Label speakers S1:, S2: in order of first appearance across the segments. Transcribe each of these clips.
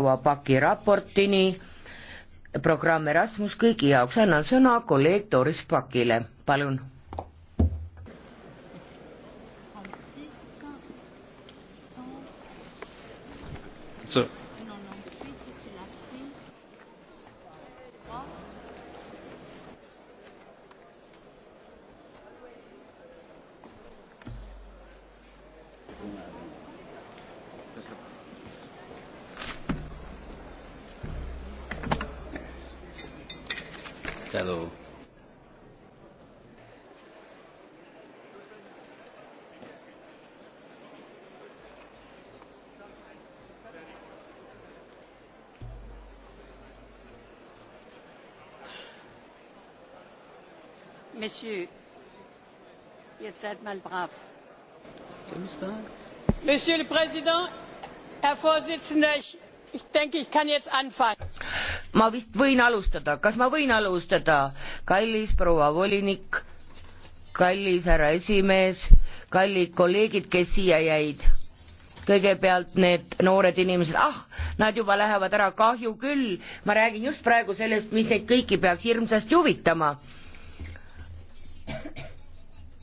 S1: jõua paki raportini, programm Erasmus kõigi jaoks, annan sõna kolleeg Doris Pakile, palun.
S2: So
S3: monsieur le präsident herr vorsitzender! ich denke ich kann jetzt anfangen.
S1: ma vist võin alustada kas ma võin alustada kallis proua volinik kallis härra esimees kallid kolleegid kes siia jäid kõigepealt need noored inimesed ah nad juba lähevad ära kahju küll ma räägin just praegu sellest mis neid kõiki peaks hirmsasti huvitama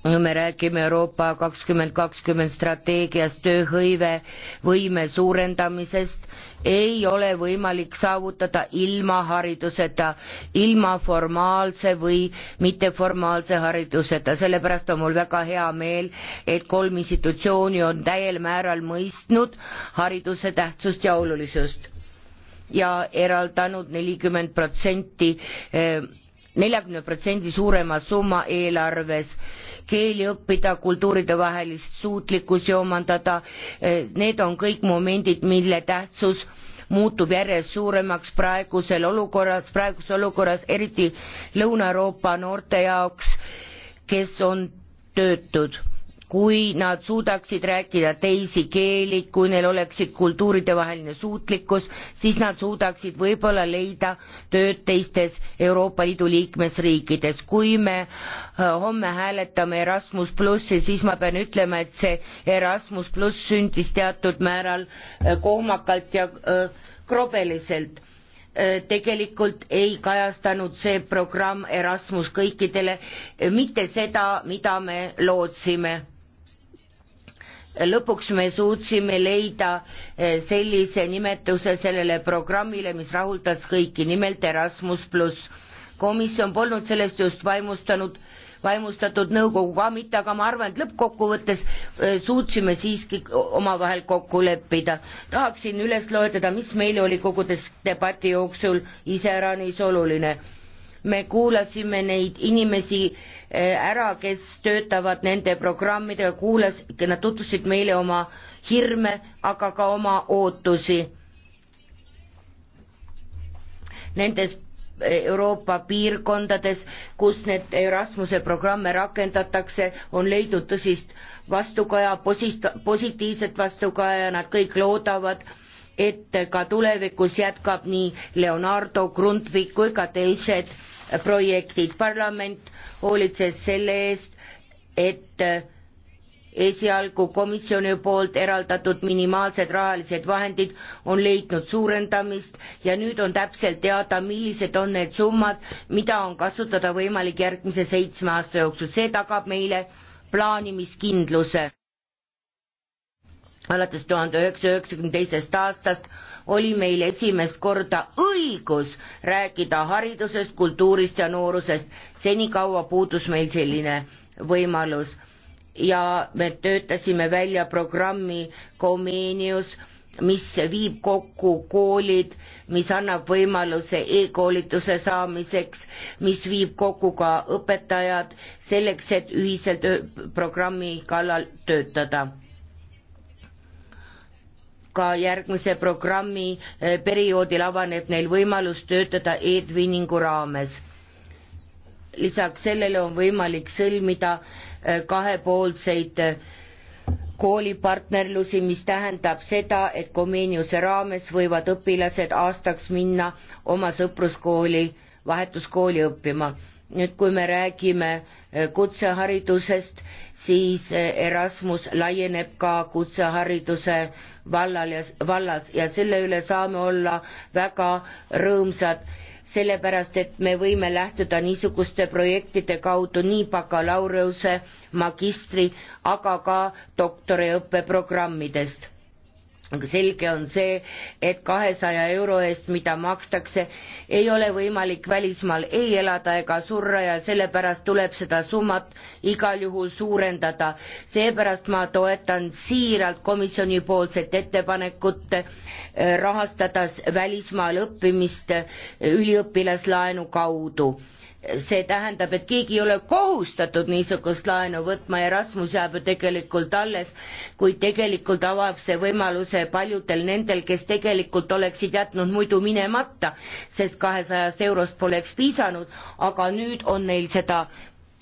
S1: me räägime Euroopa kakskümmend kakskümmend strateegiast, tööhõive võime suurendamisest, ei ole võimalik saavutada ilma hariduseta, ilma formaalse või mitteformaalse hariduseta, sellepärast on mul väga hea meel, et kolm institutsiooni on täiel määral mõistnud hariduse tähtsust ja olulisust ja eraldanud nelikümmend protsenti, eh, neljakümne protsendi suurema summa eelarves keeli õppida, kultuuridevahelist suutlikkusi omandada, eh, need on kõik momendid, mille tähtsus muutub järjest suuremaks praegusel olukorras, praeguses olukorras, eriti Lõuna-Euroopa noorte jaoks, kes on töötud kui nad suudaksid rääkida teisi keeli, kui neil oleksid kultuuridevaheline suutlikkus, siis nad suudaksid võib-olla leida tööd teistes Euroopa Liidu liikmesriikides. kui me äh, homme hääletame Erasmus plussi, siis ma pean ütlema, et see Erasmus pluss sündis teatud määral äh, kohmakalt ja äh, krobeliselt tegelikult ei kajastanud see programm Erasmus kõikidele mitte seda, mida me lootsime lõpuks me suutsime leida eh, sellise nimetuse sellele programmile, mis rahuldas kõiki, nimelt Erasmus pluss. komisjon polnud sellest just vaimustanud, vaimustatud nõukogu ka mitte, aga ma arvan, et lõppkokkuvõttes eh, suutsime siiski omavahel kokku leppida. tahaksin üles loetleda, mis meile oli kogu debati jooksul iseäranis oluline me kuulasime neid inimesi eh, ära, kes töötavad nende programmidega, kuulas, nad tutvustasid meile oma hirme, aga ka oma ootusi. Nendes eh, Euroopa piirkondades, kus need Erasmuse programme rakendatakse, on leidnud tõsist vastukaja, positiivset vastukaja ja nad kõik loodavad, et ka tulevikus jätkab nii Leonardo Grundtvig kui ka teised projektid. parlament hoolitses selle eest, et esialgu komisjoni poolt eraldatud minimaalsed rahalised vahendid on leidnud suurendamist ja nüüd on täpselt teada, millised on need summad, mida on kasutada võimalik järgmise seitsme aasta jooksul, see tagab meile plaanimiskindluse. alates tuhande üheksasaja üheksakümne teisest aastast oli meil esimest korda õigus rääkida haridusest, kultuurist ja noorusest. senikaua puudus meil selline võimalus ja me töötasime välja programmi Comenius, mis viib kokku koolid, mis annab võimaluse e-koolituse saamiseks, mis viib kokku ka õpetajad selleks, et ühiselt programmi kallal töötada ka järgmise programmi eh, perioodil avaneb neil võimalus töötada e-twinningu raames. lisaks sellele on võimalik sõlmida eh, kahepoolseid eh, koolipartnerlusi, mis tähendab seda, et Comeniuse raames võivad õpilased aastaks minna oma sõpruskooli, vahetuskooli õppima nüüd kui me räägime kutseharidusest, siis Erasmus laieneb ka kutsehariduse vallal ja vallas ja selle üle saame olla väga rõõmsad sellepärast et me võime lähtuda niisuguste projektide kaudu nii bakalaureuse magistri aga ka doktoriõppe programmidest selge on see, et kahesaja euro eest, mida makstakse, ei ole võimalik välismaal ei elada ega surra ja sellepärast tuleb seda summat igal juhul suurendada. seepärast ma toetan siiralt komisjoni poolset ettepanekut eh, rahastada välismaal õppimist eh, üliõpilaslaenu kaudu see tähendab, et keegi ei ole kohustatud niisugust laenu võtma, Erasmus jääb ju tegelikult alles, kuid tegelikult avab see võimaluse paljudel nendel, kes tegelikult oleksid jätnud muidu minemata, sest kahesajast eurost poleks piisanud, aga nüüd on neil seda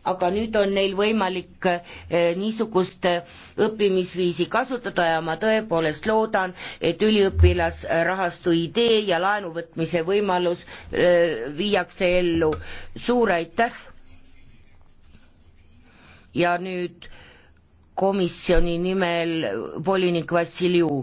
S1: aga nüüd on neil võimalik eh, niisugust eh, õppimisviisi kasutada ja ma tõepoolest loodan, et üliõpilasrahastu idee ja laenu võtmise võimalus eh, viiakse ellu. suur aitäh! ja nüüd komisjoni nimel volinik Vassiljuu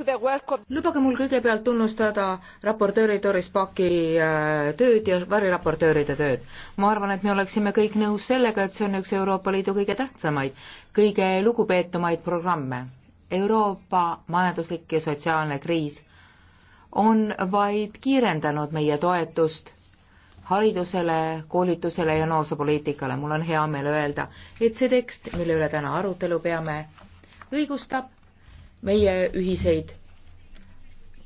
S1: lubage
S4: mul kõigepealt tunnustada raportööri Doris Paki äh, tööd ja variraportööride tööd. ma arvan, et me oleksime kõik nõus sellega, et see on üks Euroopa Liidu kõige tähtsamaid, kõige lugupeetumaid programme. Euroopa majanduslik ja sotsiaalne kriis on vaid kiirendanud meie toetust haridusele, koolitusele ja noorsoopoliitikale. mul on hea meel öelda, et see tekst, mille üle täna arutelu peame, õigustab meie ühiseid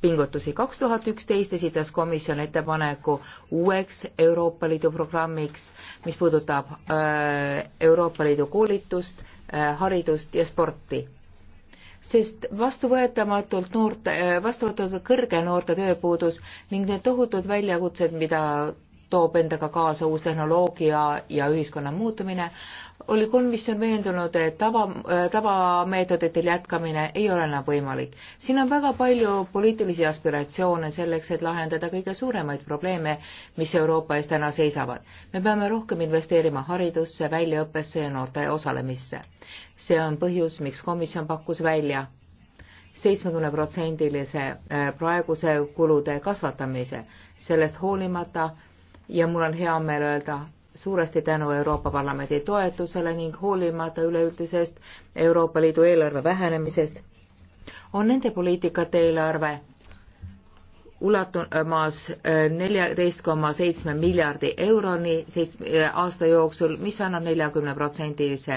S4: pingutusi. kaks tuhat üksteist esitas komisjon ettepaneku uueks Euroopa Liidu programmiks, mis puudutab äh, Euroopa Liidu koolitust, äh, haridust ja sporti. sest vastuvõetamatult noorte, äh, vastuvõetamatult kõrge noorte tööpuudus ning need tohutud väljakutsed, mida toob endaga kaasa uus tehnoloogia ja ühiskonna muutumine, oli komisjon veendunud, et tava, äh, tavameetoditel jätkamine ei ole enam võimalik. siin on väga palju poliitilisi aspiratsioone selleks, et lahendada kõige suuremaid probleeme, mis Euroopa ees täna seisavad. me peame rohkem investeerima haridusse, väljaõppesse ja noorte osalemisse. see on põhjus, miks komisjon pakkus välja seitsmekümneprotsendilise äh, praeguse kulude kasvatamise, sellest hoolimata ja mul on hea meel öelda, suuresti tänu Euroopa Parlamendi toetusele ning hoolimata üleüldisest Euroopa Liidu eelarve vähenemisest on nende poliitikate eelarve ulatumas äh, neljateist koma seitsme miljardi euroni seitsme äh, aasta jooksul, mis annab neljakümneprotsendilise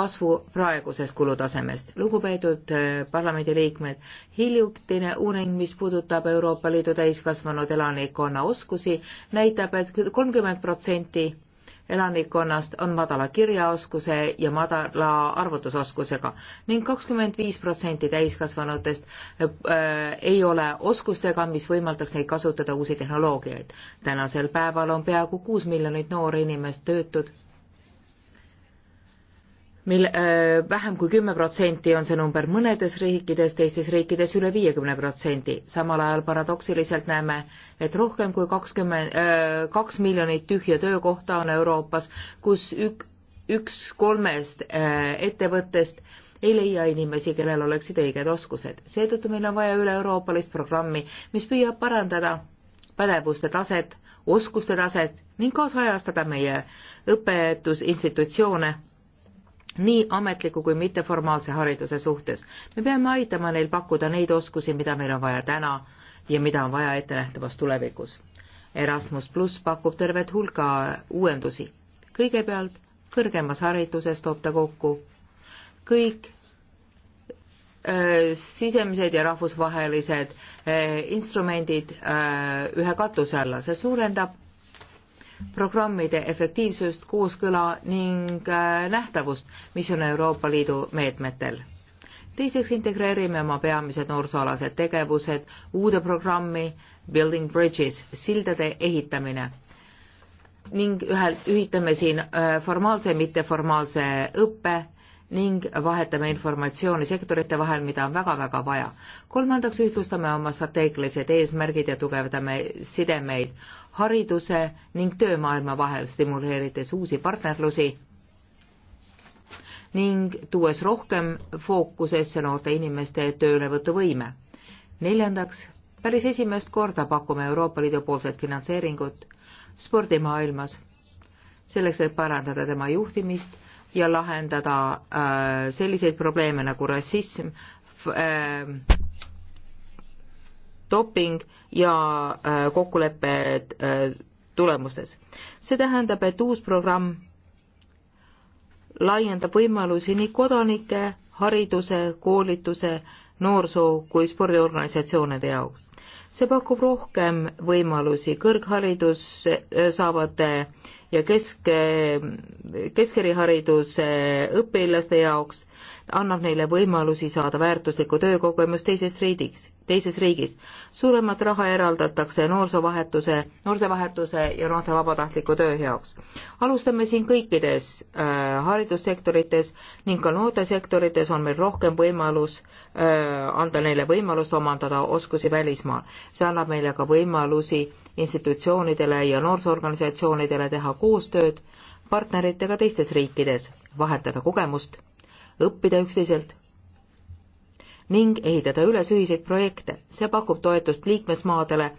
S4: kasvu praegusest kulutasemest. lugupeetud äh, parlamendiliikmed, hiljutine uuring, mis puudutab Euroopa Liidu täiskasvanud elanikkonna oskusi näitab et, et kolmkümmend protsenti elanikkonnast on madala kirjaoskuse ja madala arvutusoskusega ning kakskümmend viis protsenti täiskasvanutest äh, ei ole oskustega, mis võimaldaks neil kasutada uusi tehnoloogiaid. tänasel päeval on peaaegu kuus miljonit noori inimest töötud mil- äh,, vähem kui kümme protsenti on see number mõnedes riikides, teistes riikides üle viiekümne protsendi. samal ajal paradoksiliselt näeme, et rohkem kui kakskümmend äh,, kaks miljonit tühja töökohta on Euroopas, kus ük-, üks kolmest äh, ettevõttest ei leia inimesi, kellel oleksid õiged oskused. seetõttu meil on vaja üle-euroopalist programmi, mis püüab parandada pädevuste taset, oskuste taset ning kaasajastada meie õpetusinstitutsioone nii ametliku kui mitteformaalse hariduse suhtes. me peame aitama neil pakkuda neid oskusi, mida meil on vaja täna ja mida on vaja ettenähtavas tulevikus. Erasmus pluss pakub tervet hulka uuendusi. kõigepealt kõrgemas hariduses toob ta kokku kõik öö, äh, sisemised ja rahvusvahelised öö, äh, instrumendid öö, äh, ühe katuse alla, see suurendab programmide efektiivsust, kooskõla ning äh, nähtavust, mis on Euroopa Liidu meetmetel. teiseks integreerime oma peamised noorsooalased tegevused uude programmi Building Bridges, sildade ehitamine ning ühelt ühitame siin äh, formaalse ja mitteformaalse õppe ning vahetame informatsiooni sektorite vahel, mida on väga-väga vaja. kolmandaks ühtlustame oma strateegilised eesmärgid ja tugevdame sidemeid hariduse ning töömaailma vahel, stimuleerides uusi partnerlusi ning tuues rohkem fookusesse noorte inimeste töölevõtuvõime. neljandaks, päris esimest korda pakume Euroopa Liidu poolset finantseeringut spordimaailmas, selleks, et parandada tema juhtimist ja lahendada äh, selliseid probleeme nagu rassism äh,, doping ja äh, kokkulepped äh, tulemustes. see tähendab, et uus programm laiendab võimalusi nii kodanike, hariduse, koolituse, noorsoo kui spordiorganisatsioonide jaoks. see pakub rohkem võimalusi kõrgharidus äh, saavate ja kesk, keskerihariduse õpilaste jaoks annab neile võimalusi saada väärtuslikku töökogemust teises riigis, teises riigis. suuremat raha eraldatakse noorsoovahetuse, noortevahetuse ja noorte vabatahtliku töö heaks. alustame siin kõikides äh, haridussektorites ning ka noortesektorites on meil rohkem võimalus äh, anda neile võimalust omandada oskusi välismaal. see annab meile ka võimalusi institutsioonidele ja noorsoorganisatsioonidele teha koostööd partneritega teistes riikides, vahetada kogemust, õppida üksteiselt ning ehitada üles ühiseid projekte. see pakub toetust liikmesmaadele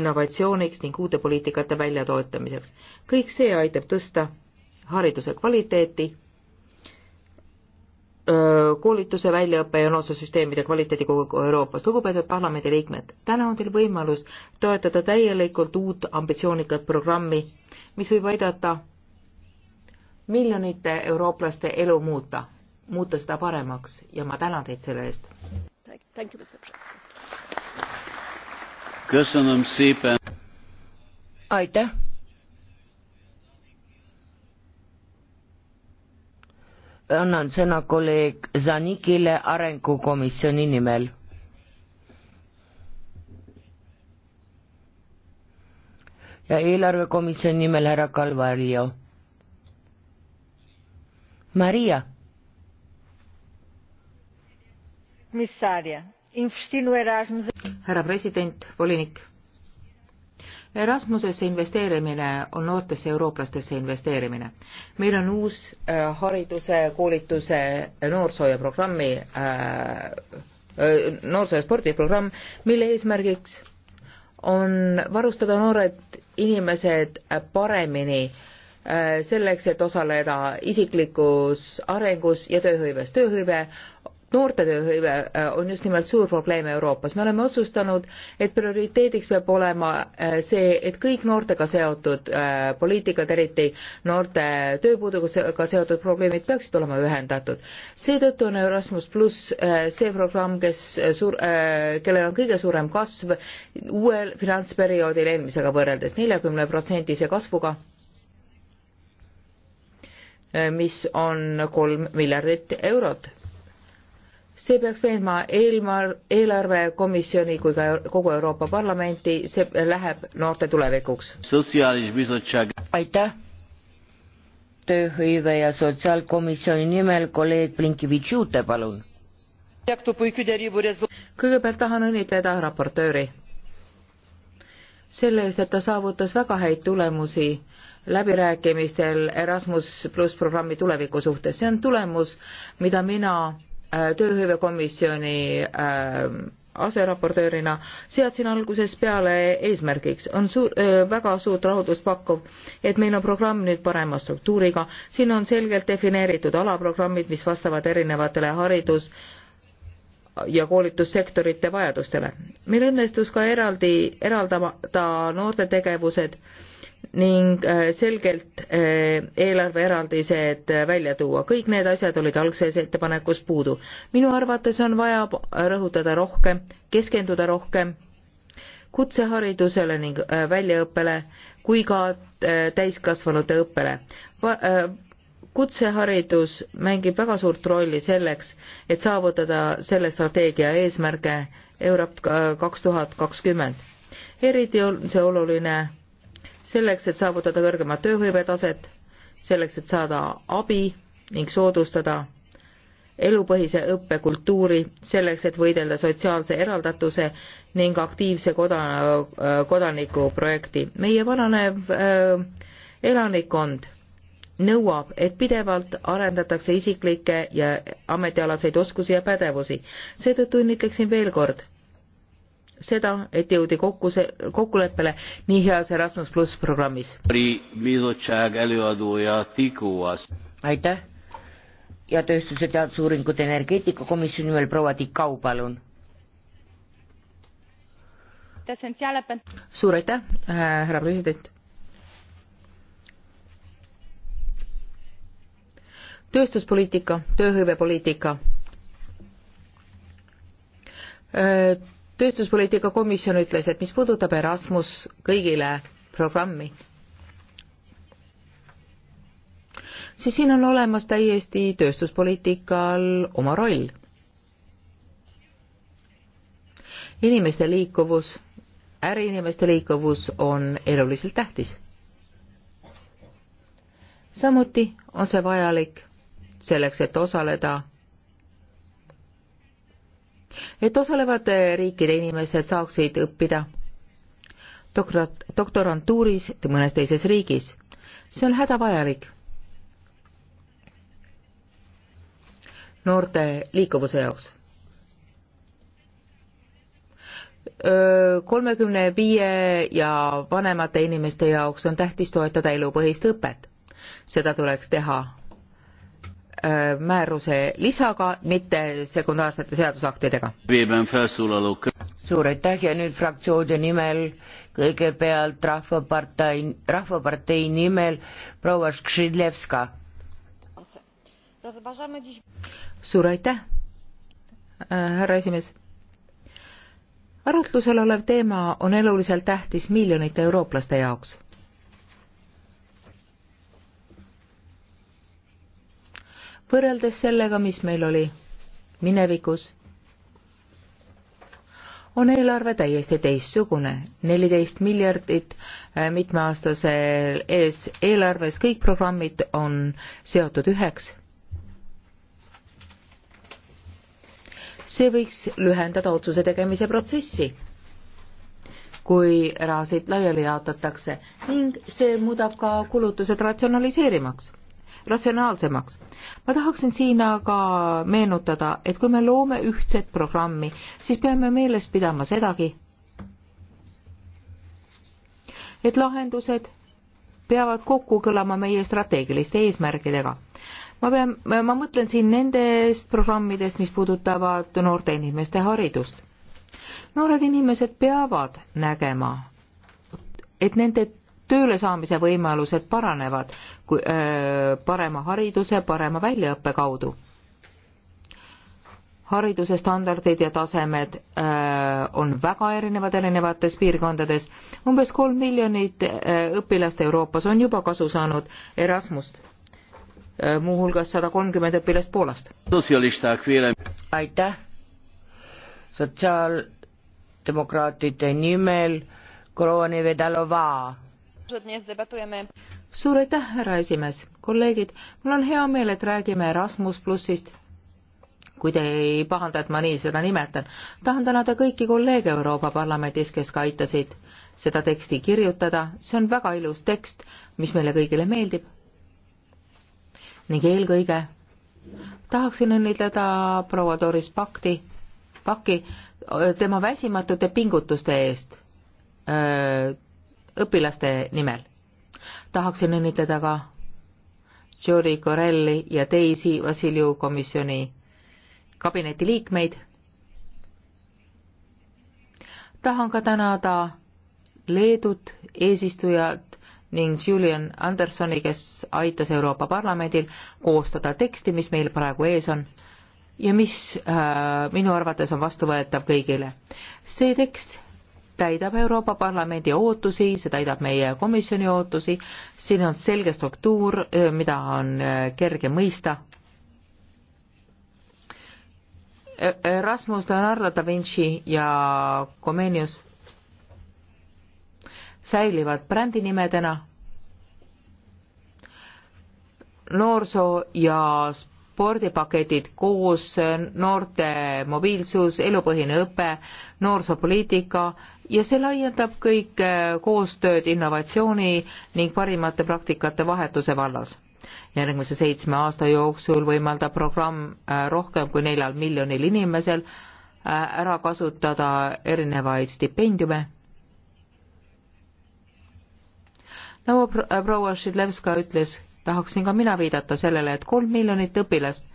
S4: innovatsiooniks ning uute poliitikate väljatoetamiseks. kõik see aitab tõsta hariduse kvaliteeti koolituse, väljaõppe ja noorsootsüsteemide kvaliteedi kogu Euroopas. lugupeetud parlamendiliikmed, täna on teil võimalus toetada täielikult uut ambitsioonikat programmi, mis võib aidata miljonite eurooplaste elu muuta, muuta seda paremaks ja ma tänan teid selle eest.
S2: aitäh
S1: annan sõna kolleeg Zanikile Arengukomisjoni nimel. ja eelarvekomisjoni nimel härra Kalvarjo. Maria.
S4: härra president, volinik Erasmusesse investeerimine on noortesse eurooplastesse investeerimine. meil on uus äh, hariduse, koolituse, noorsoo ja programmi äh,, äh noorsoo ja spordiprogramm, mille eesmärgiks on varustada noored inimesed äh, paremini äh, selleks, et osaleda isiklikus arengus ja tööhõives. tööhõive noorte tööhõive äh, on just nimelt suur probleem Euroopas. me oleme otsustanud, et prioriteediks peab olema äh, see, et kõik noortega seotud äh, poliitikad, eriti noorte tööpuudusega seotud probleemid, peaksid olema ühendatud. seetõttu on Erasmus pluss see programm, kes suur, kellel on kõige suurem kasv uuel finantsperioodil eelmisega võrreldes neljakümne protsendise kasvuga mis on kolm miljardit eurot see peaks veenma eelmar-, eelarvekomisjoni kui ka kogu Euroopa Parlamenti, see läheb noorte tulevikuks.
S1: aitäh! tööhõive ja sotsiaalkomisjoni nimel kolleeg Blinkivitšute, palun!
S4: kõigepealt tahan õnnitleda raportööri selle eest, et ta saavutas väga häid tulemusi läbirääkimistel Erasmus pluss programmi tuleviku suhtes. see on tulemus, mida mina Äh, tööhõivekomisjoni äh, aseraportöörina seadsin algusest peale eesmärgiks, on suur, äh, väga suurt rahuldust pakkuv, et meil on programm nüüd parema struktuuriga, siin on selgelt defineeritud alaprogrammid, mis vastavad erinevatele haridus- ja koolitussektorite vajadustele. meil õnnestus ka eraldi eraldada noorte tegevused äh, ning äh, selgelt äh, eelarveeraldised äh, välja tuua. kõik need asjad olid algses ettepanekus puudu. minu arvates on vaja rõhutada rohkem, keskenduda rohkem kutseharidusele ning väljaõppele kui ka täiskasvanute õppele. kutseharidus mängib väga suurt rolli selleks, et saavutada selle strateegia eesmärke Euroopa kaks tuhat kakskümmend. eriti on see oluline selleks, et saavutada kõrgemat tööhõivetaset, selleks, et saada abi ning soodustada elupõhise õppekultuuri, selleks, et võidelda sotsiaalse eraldatuse ning aktiivse kodan-, kodaniku projekti. meie vananev äh, elanikkond nõuab, et pidevalt arendatakse isiklikke ja ametialaseid oskusi ja pädevusi. seetõttu õnnitleksin veel kord seda, et jõudi kokku see, kokkuleppele nii heas Erasmus pluss programmis.
S1: aitäh ja Tööstuse Teadusuuringute Energeetikakomisjoni nimel proua Tikau, palun. suur aitäh, äh, härra president.
S4: tööstuspoliitika, tööhõivepoliitika äh, tööstuspoliitika komisjon ütles, et mis puudutab Erasmus kõigile programmi, siis siin on olemas täiesti tööstuspoliitikal oma roll. inimeste liikuvus, äriinimeste liikuvus on eluliselt tähtis. samuti on see vajalik selleks, et osaleda et osalevate eh, riikide inimesed saaksid õppida doktorat-, doktorantuuris mõnes teises riigis. see on hädavajalik noorte liikuvuse jaoks. kolmekümne viie ja vanemate inimeste jaoks on tähtis toetada elupõhist õpet. seda tuleks teha Äh,
S1: määruse lisaga, mitte sekundaarsete seadusaktidega. suur aitäh ja nüüd fraktsioonide nimel kõigepealt Rahvapartei, Rahvapartei nimel proua Škridlevska. suur aitäh, äh, härra esimees.
S4: arutlusel olev teema on eluliselt tähtis miljonite eurooplaste jaoks võrreldes sellega, mis meil oli minevikus, on eelarve täiesti teistsugune, neliteist miljardit äh, mitmeaastase ees eelarves, kõik programmid on seotud üheks see võiks lühendada otsuse tegemise protsessi, kui rahasid laiali jaotatakse ning see muudab ka kulutused ratsionaliseerimaks ratsionaalsemaks. ma tahaksin siin aga meenutada, et kui me loome ühtset programmi, siis peame meeles pidama sedagi, et lahendused peavad kokku kõlama meie strateegiliste eesmärkidega. ma pean, ma mõtlen siin nendest programmidest, mis puudutavad noorte inimeste haridust. noored inimesed peavad nägema, et nende tööle saamise võimalused paranevad kui, öö, parema hariduse, parema väljaõppe kaudu. hariduse standardid ja tasemed öö, on väga erinevad erinevates piirkondades. umbes kolm miljonit öö, õpilast Euroopas on juba kasu saanud Erasmust, muuhulgas sada kolmkümmend õpilast
S2: Poolast.
S1: aitäh, sotsiaaldemokraatide nimel Krooni Vedalova
S4: suur aitäh, härra esimees, kolleegid, mul on hea meel, et räägime Erasmus plussist kui te ei pahanda, et ma nii seda nimetan. tahan tänada kõiki kolleege Euroopa Parlamendis, kes ka aitasid seda teksti kirjutada, see on väga ilus tekst, mis meile kõigile meeldib. ning eelkõige tahaksin õnnitleda proua Doris Pakti, Paki, tema väsimatute pingutuste eest öö, õpilaste nimel. tahaksin õnnitleda ka Juri Corelli ja teisi Vassiljev komisjoni kabineti liikmeid. tahan ka tänada Leedut, eesistujat ning Julian Andersoni, kes aitas Euroopa Parlamendil koostada teksti, mis meil praegu ees on ja mis äh, minu arvates on vastuvõetav kõigile. see tekst täidab Euroopa Parlamendi ootusi, see täidab meie komisjoni ootusi, siin on selge struktuur, mida on kerge mõista. Rasmus Leonardo da Vinci ja Comenius säilivad brändinimedena noorsoo- ja spordipaketid koos, noorte mobiilsus, elupõhine õpe, noorsoopoliitika ja see laiendab kõik äh, koostööd innovatsiooni ning parimate praktikate vahetuse vallas. järgmise seitsme aasta jooksul võimaldab programm äh, rohkem kui neljal miljonil inimesel äh, ära kasutada erinevaid stipendiume nagu proua Šidlevska ütles, tahaksin ka mina viidata sellele, et kolm miljonit õpilast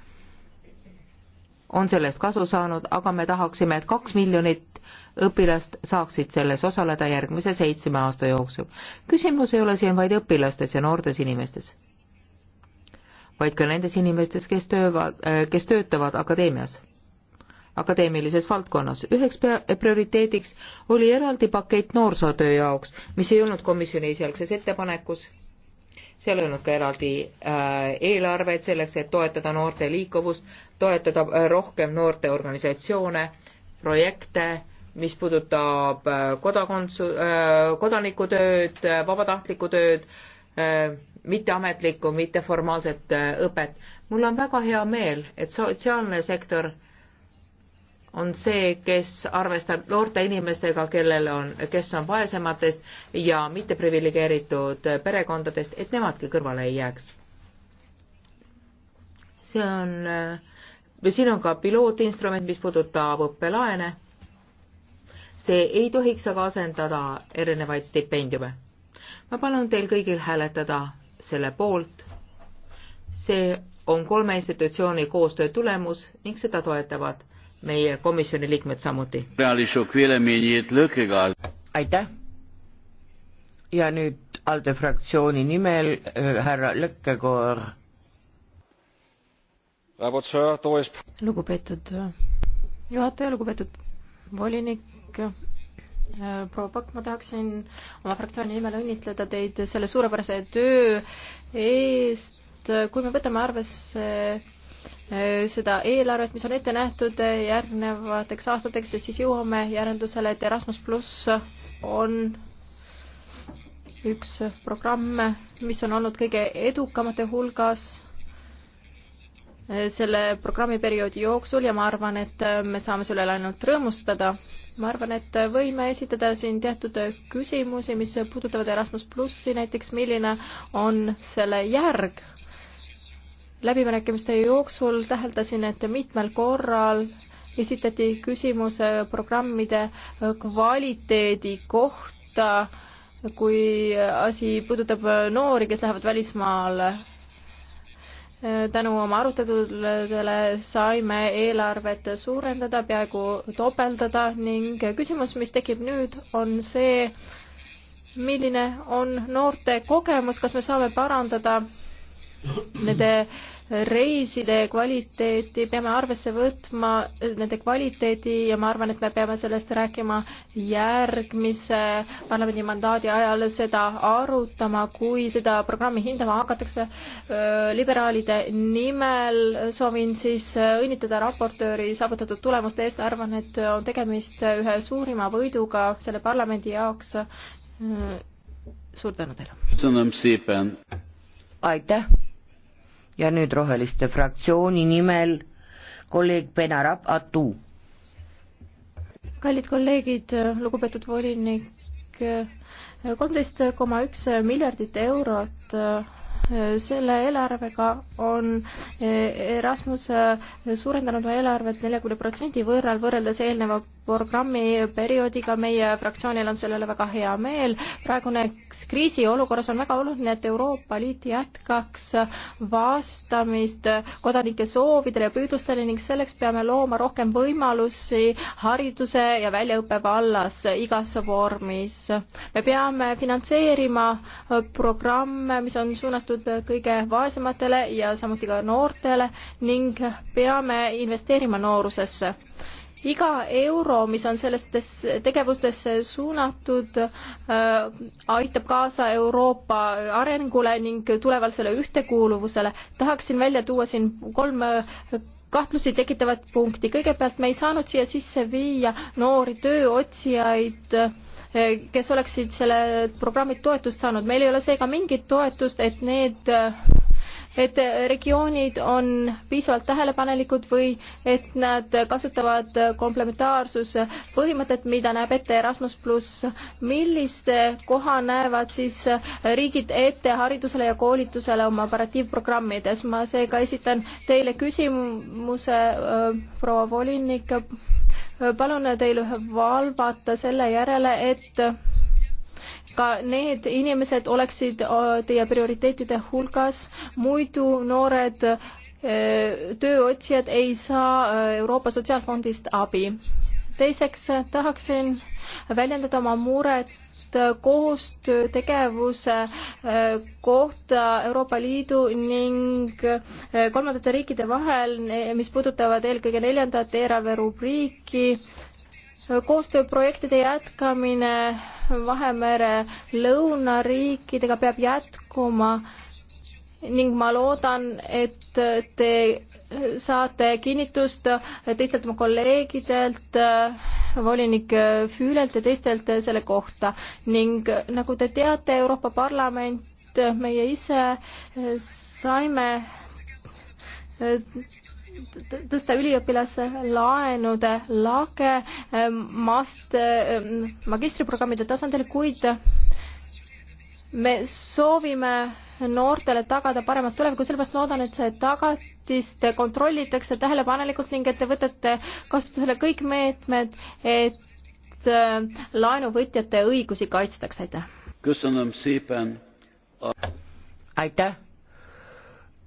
S4: on sellest kasu saanud, aga me tahaksime, et kaks miljonit õpilast saaksid selles osaleda järgmise seitsme aasta jooksul. küsimus ei ole siin vaid õpilastes ja noortes inimestes, vaid ka nendes inimestes, kes töövad, äh, kes töötavad akadeemias, akadeemilises valdkonnas. üheks prioriteediks oli eraldi pakett noorsootöö jaoks, mis ei olnud komisjoni esialgses ettepanekus seal on olnud ka eraldi äh, eelarveid selleks, et toetada noorte liikuvust, toetada äh, rohkem noorte organisatsioone, projekte, mis puudutab äh, kodakondsu-, kodanikutööd, vabatahtlikku tööd, mitteametlikku, mitteformaalset õpet. mul on väga hea meel, et sotsiaalne sektor on see, kes arvestab noorte inimestega, kellel on, kes on vaesematest ja mitte priviligeeritud perekondadest, et nemadki kõrvale ei jääks. see on, siin on ka pilootinstrument, mis puudutab õppelaene. see ei tohiks aga asendada erinevaid stipendiume. ma palun teil kõigil hääletada selle poolt. see on kolme institutsiooni koostöö tulemus ning seda toetavad meie komisjoni liikmed samuti.
S1: aitäh. ja nüüd ALDE fraktsiooni nimel äh, härra Lõkkekoor.
S3: lugupeetud äh, juhataja, lugupeetud volinik äh, proua Pakk, ma tahaksin oma fraktsiooni nimel õnnitleda teid selle suurepärase töö eest, kui me võtame arvesse Äh, seda eelarvet, mis on ette nähtud äh, järgnevateks aastateks ja siis jõuame järeldusele, et Erasmus pluss on üks programm, mis on olnud kõige edukamate hulgas äh, selle programmi perioodi jooksul ja ma arvan, et me saame selle üle ainult rõõmustada. ma arvan, et võime esitada siin teatud küsimusi, mis puudutavad Erasmus plussi, näiteks milline on selle järg läbirääkimiste jooksul täheldasin, et mitmel korral esitati küsimus äh, programmide äh, kvaliteedi kohta, kui äh, asi puudutab noori, kes lähevad välismaale. tänu oma aruteludele saime eelarvet suurendada, peaaegu topeldada ning küsimus, mis tekib nüüd, on see, milline on noorte kogemus, kas me saame parandada nende reiside kvaliteeti peame arvesse võtma, nende kvaliteedi ja ma arvan, et me peame sellest rääkima järgmise parlamendi mandaadi ajal, seda arutama, kui seda programmi hindama hakatakse. liberaalide nimel soovin siis õnnitleda raportööri saavutatud tulemuste eest, arvan, et on tegemist ühe suurima võiduga selle parlamendi jaoks. suur tänu
S2: teile!
S3: aitäh!
S1: ja nüüd Roheliste fraktsiooni nimel kolleeg Benarab Atu.
S3: kallid kolleegid, lugupeetud volinik, kolmteist koma üks miljardit eurot selle eelarvega on eh, Erasmus eh, suurendanud oma eelarvet neljakümne protsendi võrral võrreldes eelneva programmi perioodiga. meie fraktsioonil on selle üle väga hea meel. praeguses kriisiolukorras on väga oluline, et Euroopa Liit jätkaks vastamist kodanike soovidele ja püüdlustele ning selleks peame looma rohkem võimalusi hariduse ja väljaõppe vallas igas vormis. me peame finantseerima programme, mis on suunatud suunatud kõige vaesematele ja samuti ka noortele ning peame investeerima noorusesse. iga euro, mis on sellistesse tegevustesse suunatud, äh, aitab kaasa Euroopa arengule ning tulevasele ühtekuuluvusele. tahaksin välja tuua siin kolm äh, kahtlusi tekitavat punkti. kõigepealt me ei saanud siia sisse viia noori tööotsijaid äh, kes oleksid selle programmi toetust saanud. meil ei ole seega mingit toetust, et need et regioonid on piisavalt tähelepanelikud või et nad kasutavad komplementaarsuse põhimõtet, mida näeb ette Erasmus pluss. milliste koha näevad siis riigid ette haridusele ja koolitusele oma operatiivprogrammides? ma seega esitan teile küsimuse, äh, proua volinik palun teil valvata selle järele, et ka need inimesed oleksid äh, teie prioriteetide hulgas, muidu noored äh, tööotsijad ei saa äh, Euroopa Sotsiaalfondist abi. teiseks tahaksin väljendada oma muret just koostöötegevuse äh, kohta Euroopa Liidu ning äh, kolmandate riikide vahel, mis puudutavad eelkõige neljandat eelarve rubriiki koostööprojektide jätkamine Vahemere lõunariikidega peab jätkuma ning ma loodan, et te saate kinnitust teistelt oma kolleegidelt, volinik Füülelt ja teistelt selle kohta ning nagu te teate, Euroopa Parlament, meie ise saime tõsta üliõpilase laenude lage mast-, magistriprogrammide tasandil, kuid me soovime noortele tagada paremat tulevikku, sellepärast loodan, et see tagat-, elatist kontrollitakse tähelepanelikult ning et te võtate kasutusele kõik meetmed, et äh, laenuvõtjate õigusi kaitstaks, aitäh.
S1: aitäh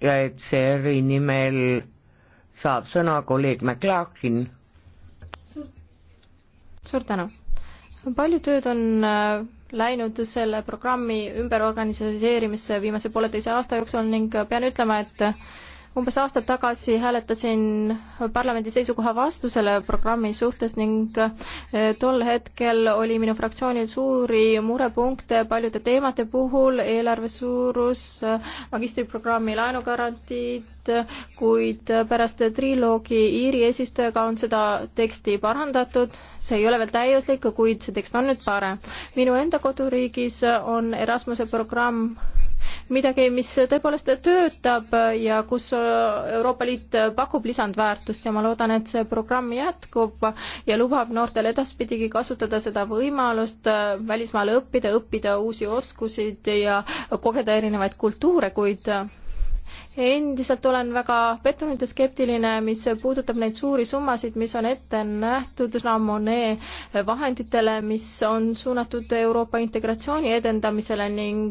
S1: ja et CR-i nimel saab sõna kolleeg McLaughlin.
S3: suur tänu. palju tööd on äh, läinud selle programmi ümberorganiseerimisse viimase pooleteise aasta jooksul ning äh, pean ütlema, et umbes aasta tagasi hääletasin parlamendi seisukoha vastu selle programmi suhtes ning eh, tol hetkel oli minu fraktsioonil suuri murepunkte paljude teemade puhul, eelarve suurus, magistriprogrammi laenugarantiid, kuid pärast triloogi Iiri eesistujaga on seda teksti parandatud, see ei ole veel täiuslik, kuid see tekst on nüüd parem. minu enda koduriigis on Erasmuse programm midagi, mis tõepoolest töötab ja kus Euroopa Liit pakub lisandväärtust ja ma loodan, et see programm jätkub ja lubab noortel edaspidigi kasutada seda võimalust äh, välismaal õppida, õppida uusi oskusid ja kogeda erinevaid kultuure, kuid äh, endiselt olen väga pettunud ja skeptiline, mis puudutab neid suuri summasid, mis on ette nähtud Ramone vahenditele, mis on suunatud Euroopa integratsiooni edendamisele ning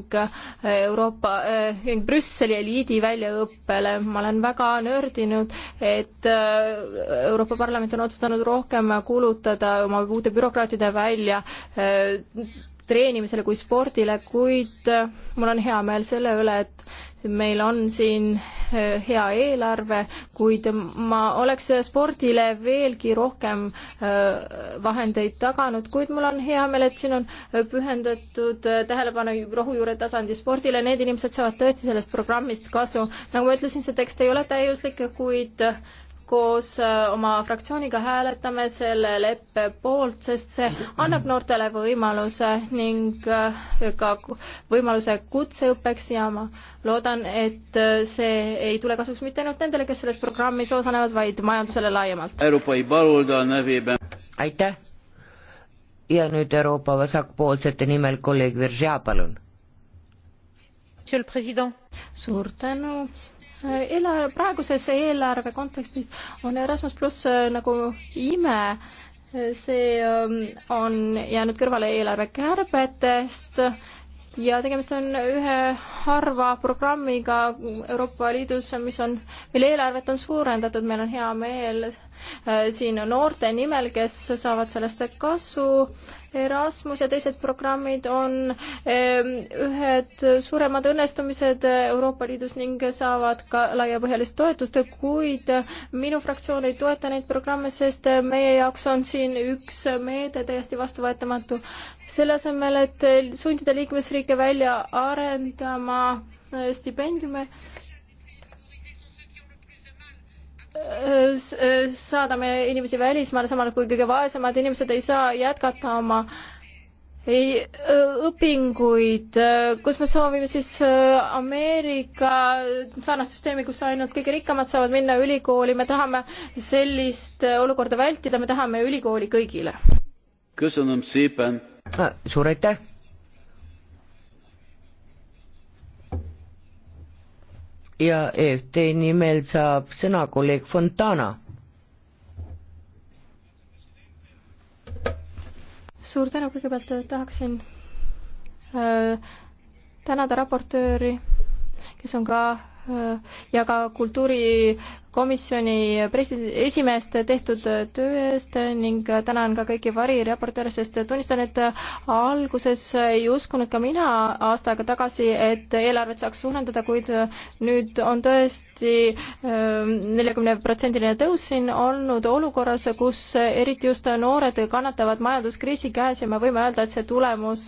S3: Euroopa äh,, Brüsseli eliidi väljaõppele. ma olen väga nördinud, et eh, Euroopa Parlament on otsustanud rohkem kulutada oma uute bürokraatide välja äh, treenimisele kui spordile, kuid mul on hea meel selle üle, et meil on siin äh, hea eelarve, kuid ma oleks spordile veelgi rohkem äh, vahendeid taganud, kuid mul on hea meel, et siin on äh, pühendatud tähelepanu rohujuure tasandi spordile, need inimesed saavad tõesti sellest programmist kasu. nagu ma ütlesin, see tekst ei ole täiuslik, kuid koos äh, oma fraktsiooniga hääletame selle leppe poolt, sest see annab noortele võimaluse ning äh, ka võimaluse kutseõppeks ja ma loodan, et äh, see ei tule kasuks mitte ainult nendele, kes selles programmis osalevad, vaid majandusele laiemalt. aitäh
S1: ja nüüd Euroopa vasakpoolsete nimel kolleeg Viržja, palun.
S3: suur tänu eelarve, praeguses eelarve kontekstis on Erasmus pluss äh, nagu ime, see ähm, on jäänud kõrvale eelarve kärbetest ja tegemist on ühe harva programmiga Euroopa Liidus, mis on, mille eelarvet on suurendatud, meil on hea meel Äh, siin noorte nimel, kes saavad sellest kasu. Erasmus ja teised programmid on ähm, ühed suuremad õnnestumised Euroopa Liidus ning saavad ka laiapõhjalist toetust, kuid minu fraktsioon ei toeta neid programme, sest meie jaoks on siin üks meede täiesti vastuvõetamatu. selle asemel, et sundida liikmesriike välja arendama äh, stipendiume, saadame inimesi välismaale, samal kui kõige vaesemad inimesed ei saa jätkata oma ei, õpinguid, kus me soovime siis äh, Ameerika sarnast süsteemi, kus ainult kõige rikkamad saavad minna ülikooli, me tahame sellist äh, olukorda vältida, me tahame ülikooli kõigile.
S2: suur aitäh!
S1: ja EFT nimel saab sõna kolleeg Fontana.
S3: suur tänu, kõigepealt äh, tahaksin öö, äh, tänada raportööri, kes on ka ja ka kultuurikomisjoni presi-, esimeest tehtud töö eest ning tänan ka kõiki variraportööre, sest tunnistan, et alguses ei uskunud ka mina aasta aega tagasi, et eelarvet saaks suurendada, kuid nüüd on tõesti ehm, neljakümneprotsendiline tõus siin olnud olukorras, kus eriti just noored kannatavad majanduskriisi käes ja me võime öelda, et see tulemus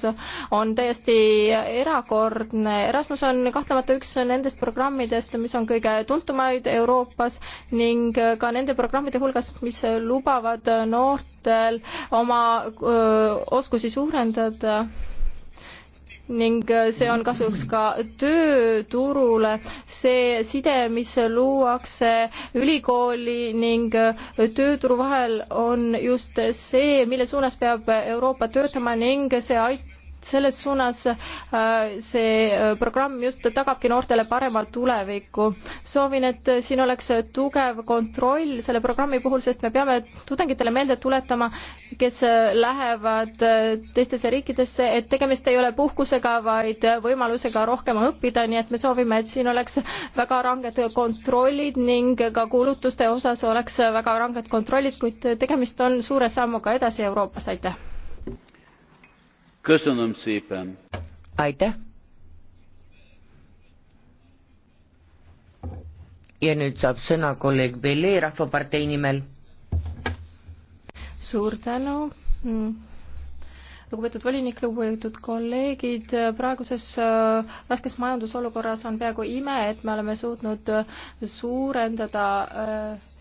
S3: on täiesti erakordne. Erasmus on kahtlemata üks nendest programmidest, programmidest, mis on kõige tuntumaid Euroopas ning äh, ka nende programmide hulgas, mis lubavad äh, noortel oma öö, äh, oskusi suurendada ning see on kasuks ka tööturule. see side, mis luuakse ülikooli ning tööturu vahel, on just see, mille suunas peab Euroopa töötama ning see aitab selles suunas äh, see äh, programm just tagabki noortele parema tuleviku. soovin, et siin oleks tugev kontroll selle programmi puhul, sest me peame tudengitele meelde tuletama, kes äh, lähevad teistesse riikidesse, et tegemist ei ole puhkusega, vaid võimalusega rohkem õppida, nii et me soovime, et siin oleks väga ranged kontrollid ning ka kulutuste osas oleks väga ranged kontrollid, kuid tegemist on suure sammuga edasi Euroopas, aitäh!
S2: köszönöm szépen! aitäh!
S1: ja nüüd saab sõna kolleeg Belle Rahvapartei nimel.
S3: suur tänu mm. lugupeetud volinik, lugupeetud kolleegid, praeguses äh, raskes majandusolukorras on peaaegu ime, et me oleme suutnud suurendada äh,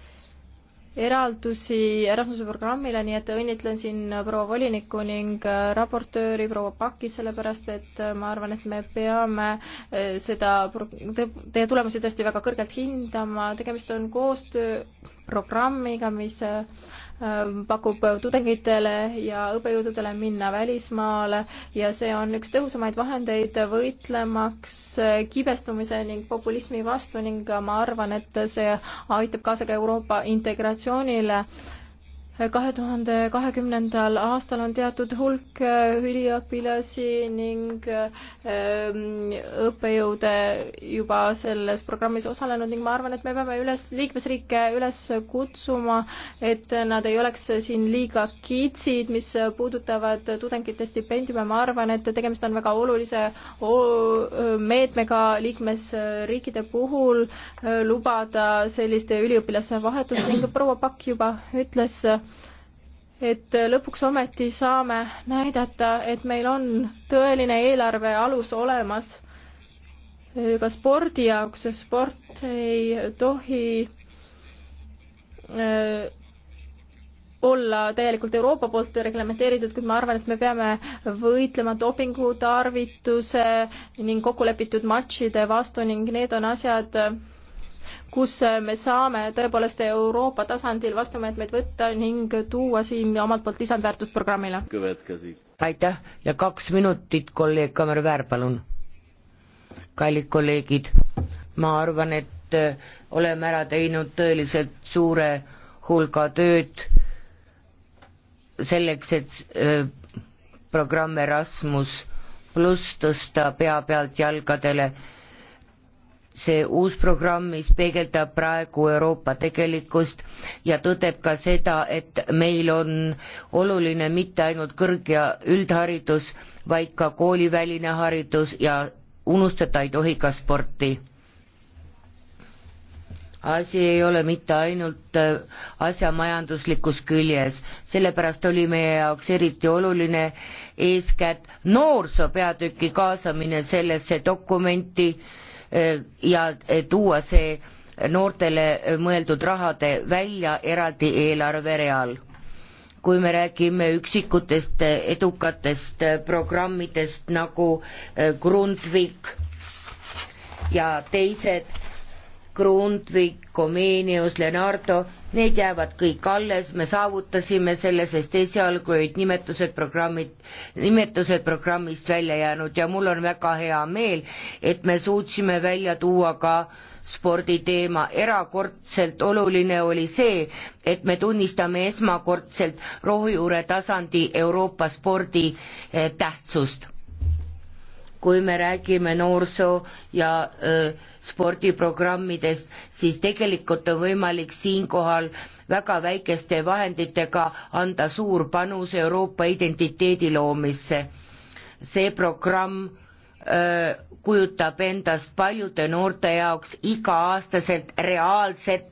S3: eraldusi Erasmuse programmile, nii et õnnitlen siin proua volinikku ning äh, raportööri proua Paki, sellepärast et äh, ma arvan, et me peame äh, seda, teie tulemusi tõesti väga kõrgelt hindama, tegemist on koostööprogrammiga, mis Äh, pakub tudengitele ja õppejõududele minna välismaale ja see on üks tõhusamaid vahendeid võitlemaks äh, kibestumise ning populismi vastu ning ma arvan, et see aitab kaasa ka Euroopa integratsioonile kahe tuhande kahekümnendal aastal on teatud hulk äh, üliõpilasi ning ähm, õppejõude juba selles programmis osalenud ning ma arvan, et me peame üles, liikmesriike üles kutsuma, et nad ei oleks siin liiga kitsid, mis puudutavad tudengite stipendiume, ma arvan, et tegemist on väga olulise meetmega liikmesriikide puhul äh, lubada sellist üliõpilaste vahetust ning proua Pakk juba ütles, et lõpuks ometi saame näidata, et meil on tõeline eelarve alus olemas ka spordi jaoks, sest sport ei tohi öö, äh, olla täielikult Euroopa poolt reglementeeritud, kuid ma arvan, et me peame võitlema dopingutarvituse ning kokkulepitud matšide vastu ning need on asjad, kus äh, me saame tõepoolest Euroopa tasandil vastumeetmeid võtta ning tuua siin omalt poolt lisandväärtust programmile.
S1: aitäh ja kaks minutit, kolleeg Kamer Väär, palun. kallid kolleegid, ma arvan, et äh, oleme ära teinud tõeliselt suure hulga tööd selleks, et äh, programm Erasmus pluss tõsta pea pealt jalgadele see uus programm, mis peegeldab praegu Euroopa tegelikkust ja tõdeb ka seda, et meil on oluline mitte ainult kõrg- ja üldharidus, vaid ka kooliväline haridus ja unustada ei tohi ka sporti. asi ei ole mitte ainult äh, asja majanduslikus küljes, sellepärast oli meie jaoks eriti oluline eeskätt noorsoo peatüki kaasamine sellesse dokumenti, Äh, ja äh, tuua see noortele äh, mõeldud rahade välja eraldi eelarvereal. kui me räägime üksikutest edukatest programmidest nagu Grundvik ja teised, Grundvik, Comenius, Leonardo need jäävad kõik alles, me saavutasime selle, sest esialgu olid nimetused programmid, nimetused programmist välja jäänud ja mul on väga hea meel, et me suutsime välja tuua ka sporditeema, erakordselt oluline oli see, et me tunnistame esmakordselt rohujuure tasandi Euroopa spordi eh, tähtsust kui me räägime noorsoo- ja öö, spordiprogrammidest, siis tegelikult on võimalik siinkohal väga väikeste vahenditega anda suur panus Euroopa identiteedi loomisse. see programm öö, kujutab endast paljude noorte jaoks iga-aastaselt reaalset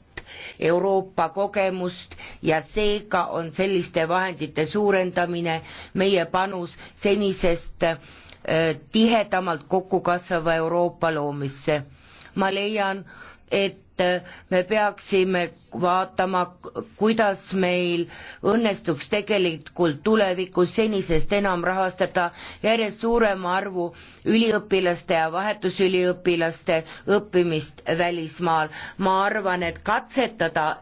S1: Euroopa kogemust ja seega on selliste vahendite suurendamine meie panus senisest Äh, tihedamalt kokku kasvava Euroopa loomisse. ma leian, et äh, me peaksime vaatama, kuidas meil õnnestuks tegelikult tulevikus senisest enam rahastada järjest suurema arvu üliõpilaste ja vahetusüliõpilaste õppimist välismaal. ma arvan, et katsetada,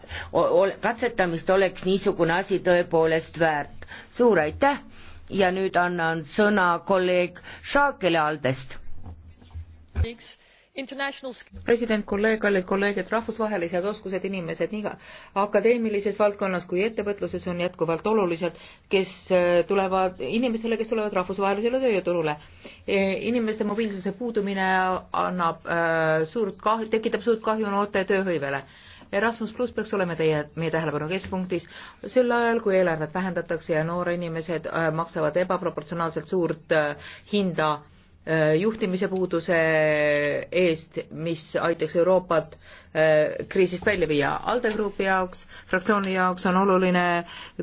S1: katsetamist oleks niisugune asi tõepoolest väärt. suur aitäh! ja nüüd annan sõna kolleeg Šaakele Aldest.
S4: president, kolleeg, kallid kolleegid, rahvusvahelised oskused inimesed nii akadeemilises valdkonnas kui ettevõtluses on jätkuvalt olulised, kes äh, tulevad, inimestele, kes tulevad rahvusvahelisele tööjõuturule. E, inimeste mobiilsuse puudumine annab äh, suurt kahju, tekitab suurt kahju noorte tööhõivele Erasmus pluss peaks olema teie, meie tähelepanu keskpunktis sel ajal, kui eelarvet vähendatakse ja noored inimesed äh, maksavad ebaproportsionaalselt suurt äh, hinda Äh, juhtimise puuduse eest, mis aitaks Euroopat äh, kriisist välja viia. ALDE grupi jaoks, fraktsiooni jaoks on oluline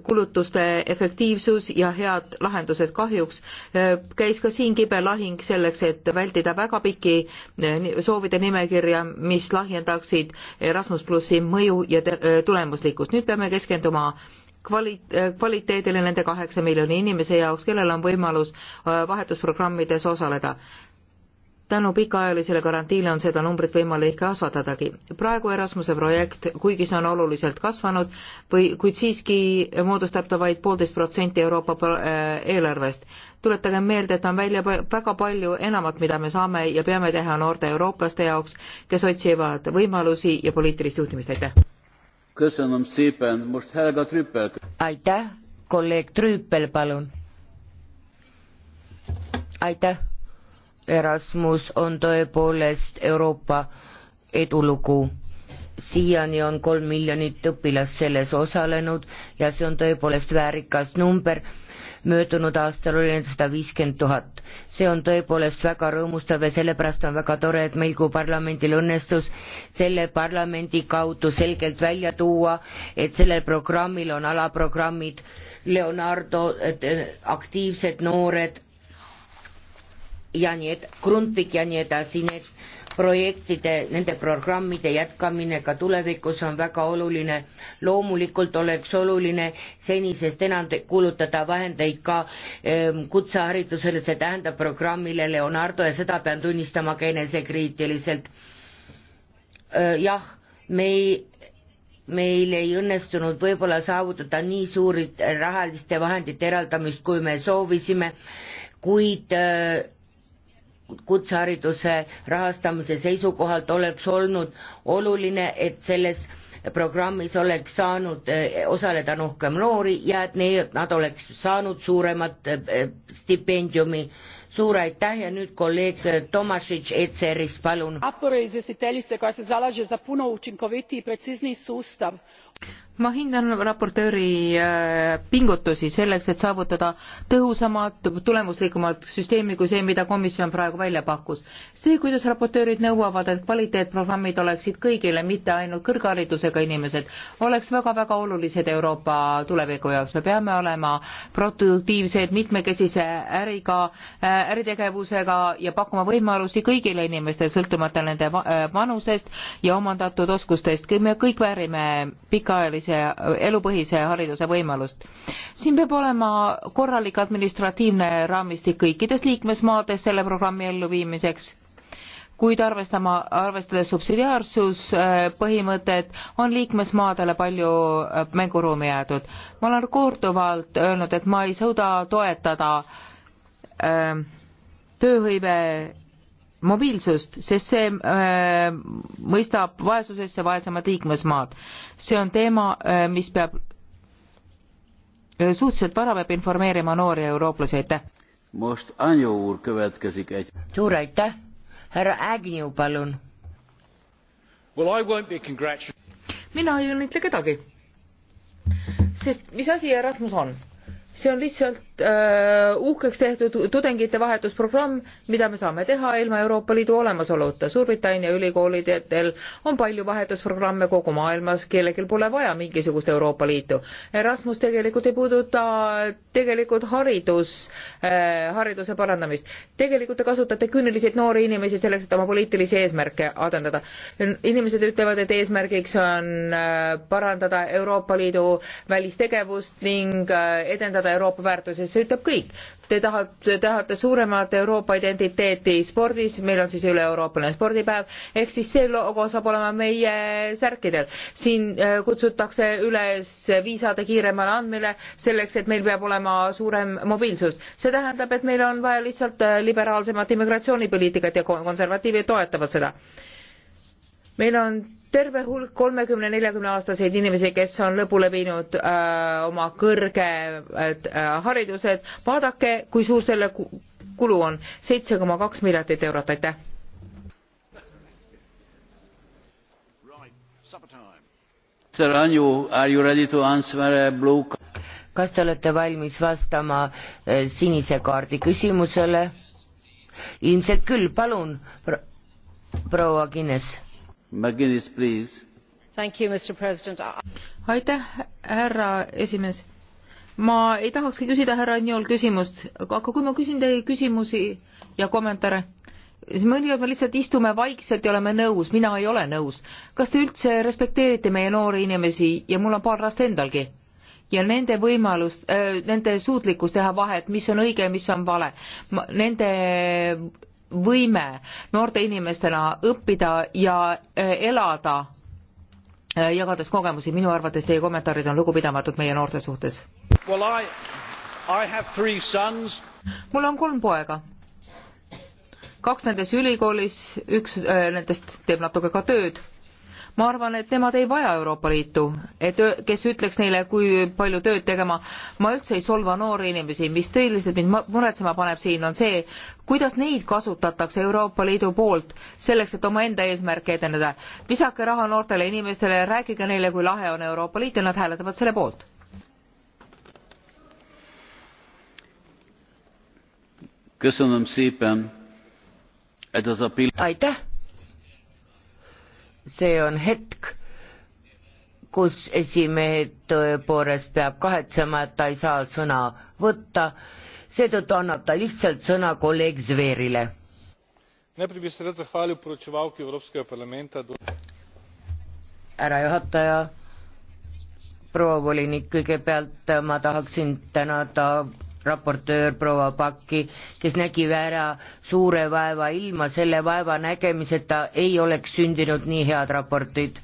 S4: kulutuste efektiivsus ja head lahendused kahjuks. Äh, käis ka siin kibe lahing selleks, et vältida väga pikki soovide nimekirja, mis lahjendaksid Erasmus plussi mõju ja tulemuslikkust. nüüd peame keskenduma kvali-, kvaliteedile nende kaheksa miljoni inimese jaoks, kellel on võimalus äh, vahetusprogrammides osaleda. tänu pikaajalisele garantiile on seda numbrit võimalik kasvatadagi. praegu Erasmuse projekt, kuigi see on oluliselt kasvanud või, kuid siiski moodustab ta vaid poolteist protsenti Euroopa äh, eelarvest. tuletagem meelde, et on välja väga palju enamat, mida me saame ja peame teha noorte eurooplaste jaoks, kes otsivad võimalusi ja poliitilist juhtimist, aitäh!
S1: aitäh, kolleeg Trüüpel, palun. aitäh. Erasmus on tõepoolest Euroopa edulugu siiani on kolm miljonit õpilast selles osalenud ja see on tõepoolest väärikas number möödunud aastal oli neid sada viiskümmend tuhat. see on tõepoolest väga rõõmustav ja sellepärast on väga tore, et meil kui parlamendil õnnestus selle parlamendi kaudu selgelt välja tuua, et sellel programmil on alaprogrammid Leonardo aktiivsed noored ja nii et Grundtvig ja nii edasi, need projektide, nende programmide jätkamine ka tulevikus on väga oluline. loomulikult oleks oluline senisest enam kuulutada vahendeid ka ehm, kutseharidusele, see tähendab programmile Leonardo ja seda pean tunnistama ka enesekriitiliselt. Äh, jah, me ei meil ei õnnestunud võib-olla saavutada nii suuri rahaliste vahendite eraldamist, kui me soovisime, kuid äh, kutsehariduse rahastamise seisukohalt oleks olnud oluline, et selles programmis oleks saanud eh, osaleda rohkem noori ja et need, nad oleks saanud suuremat eh, stipendiumi. suur aitäh ja nüüd kolleeg Tomašić ECR-ist, palun.
S3: napore izvjestiteljice koja se zalaže za puno učinkovitiji i precizniji sustav
S4: ma hindan raportööri äh, pingutusi selleks, et saavutada tõhusamad, tulemuslikumad süsteemi kui see, mida komisjon praegu välja pakkus. see, kuidas raportöörid nõuavad, et kvaliteetprogrammid oleksid kõigile, mitte ainult kõrgharidusega inimesed, oleks väga-väga olulised Euroopa tuleviku jaoks. me peame olema produktiivsed, mitmekesise äriga, äh, äritegevusega ja pakkuma võimalusi kõigile inimestele, sõltumata nende äh, vanusest ja omandatud oskustest. me kõik väärime pika pikaajalise elupõhise hariduse võimalust. siin peab olema korralik administratiivne raamistik kõikides liikmesmaades selle programmi elluviimiseks kuid arvestama, arvestades subsidiaarsuspõhimõtet, on liikmesmaadele palju äh, mänguruumi jäetud. ma olen korduvalt öelnud, et ma ei suuda toetada öö, äh, tööhõive mobiilsust, sest see öö, äh, mõistab vaesusesse vaesemad liikmesmaad. see on teema, äh, mis peab öö, äh, suhteliselt vara peab informeerima noori eurooplasi,
S2: aitäh.
S1: suur aitäh, härra Agnew,
S3: palun well,.
S1: mina ei õnnitle kedagi,
S4: sest mis asi Erasmus on? see on lihtsalt äh, uhkeks tehtud tudengite vahetusprogramm, mida me saame teha ilma Euroopa Liidu olemasoluta. Suurbritannia ülikoolidel on palju vahetusprogramme kogu maailmas, kellelgi pole vaja mingisugust Euroopa Liitu. Erasmus tegelikult ei puuduta tegelikult haridus äh,, hariduse parandamist. tegelikult te kasutate küüniliselt noori inimesi selleks, et oma poliitilisi eesmärke adendada. inimesed ütlevad, et eesmärgiks on äh, parandada Euroopa Liidu välistegevust ning äh, edendada toetada Euroopa väärtusi, see ütleb kõik. Te tahate, tahate suuremat Euroopa identiteeti spordis, meil on siis üle-euroopaline spordipäev, ehk siis see logo saab olema meie särkidel. siin äh, kutsutakse üles viisade kiiremale andmile selleks, et meil peab olema suurem mobiilsus. see tähendab, et meil on vaja lihtsalt äh, liberaalsemat immigratsioonipoliitikat ja konservatiivid toetavad seda. meil on terve hulk kolmekümne neljakümne aastaseid inimesi kes on lõpule viinud äh, oma kõrged äh, haridused vaadake kui suur selle kulu on seitse koma kaks miljardit eurot aitäh
S1: kas te olete valmis vastama äh, sinise kaardi küsimusele ilmselt küll palun
S2: proua guinness McGuinness, please.
S4: Thank you, Mr President. aitäh, härra esimees. ma ei tahakski küsida härra Anjol küsimust, aga kui ma küsin teie küsimusi ja kommentaare, siis mõnikord me lihtsalt istume vaikselt ja oleme nõus, mina ei ole nõus. kas te üldse respekteerite meie noori inimesi ja mul on paar last endalgi? ja nende võimalust äh,, nende suutlikkus teha vahet, mis on õige ja mis on vale. Nende võime noorte inimestena õppida ja äh, elada, äh, jagades kogemusi. minu arvates teie kommentaarid on lugupidamatud meie noorte suhtes well,. mul on kolm poega. kaks nendes ülikoolis, üks äh, nendest teeb natuke ka tööd ma arvan, et nemad ei vaja Euroopa Liitu, et kes ütleks neile, kui palju tööd tegema. ma üldse ei solva noori inimesi, mis tõeliselt mind muretsema paneb siin, on see, kuidas neid kasutatakse Euroopa Liidu poolt selleks, et omaenda eesmärke edeneda. visake raha noortele inimestele ja rääkige neile, kui lahe on Euroopa Liit ja nad hääletavad selle poolt.
S2: aitäh!
S1: see on hetk, kus esimehe tõepoolest peab kahetsema, et ta ei saa sõna võtta, seetõttu annab ta lihtsalt sõna kolleeg Zverile. härra juhataja, proua volinik, kõigepealt ma tahaksin tänada raportöör proua Pakki, kes nägi ära suure vaeva, ilma selle vaeva nägemiseta ei oleks sündinud nii head raportid.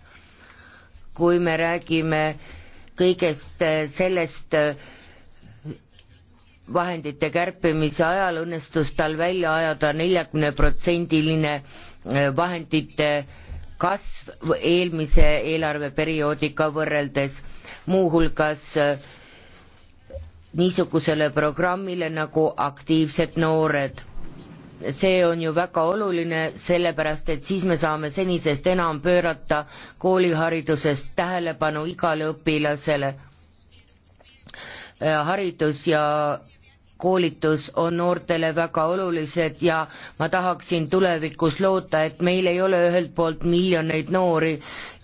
S1: kui me räägime kõigest äh, sellest äh, vahendite kärpimise ajal õnnestus tal välja ajada neljakümne protsendiline äh, vahendite kasv eelmise eelarveperioodiga võrreldes, muuhulgas niisugusele programmile nagu Aktiivsed noored. see on ju väga oluline, sellepärast et siis me saame senisest enam pöörata koolihariduses tähelepanu igale õpilasele. Äh, haridus ja koolitus on noortele väga olulised ja ma tahaksin tulevikus loota, et meil ei ole ühelt poolt miljoneid noori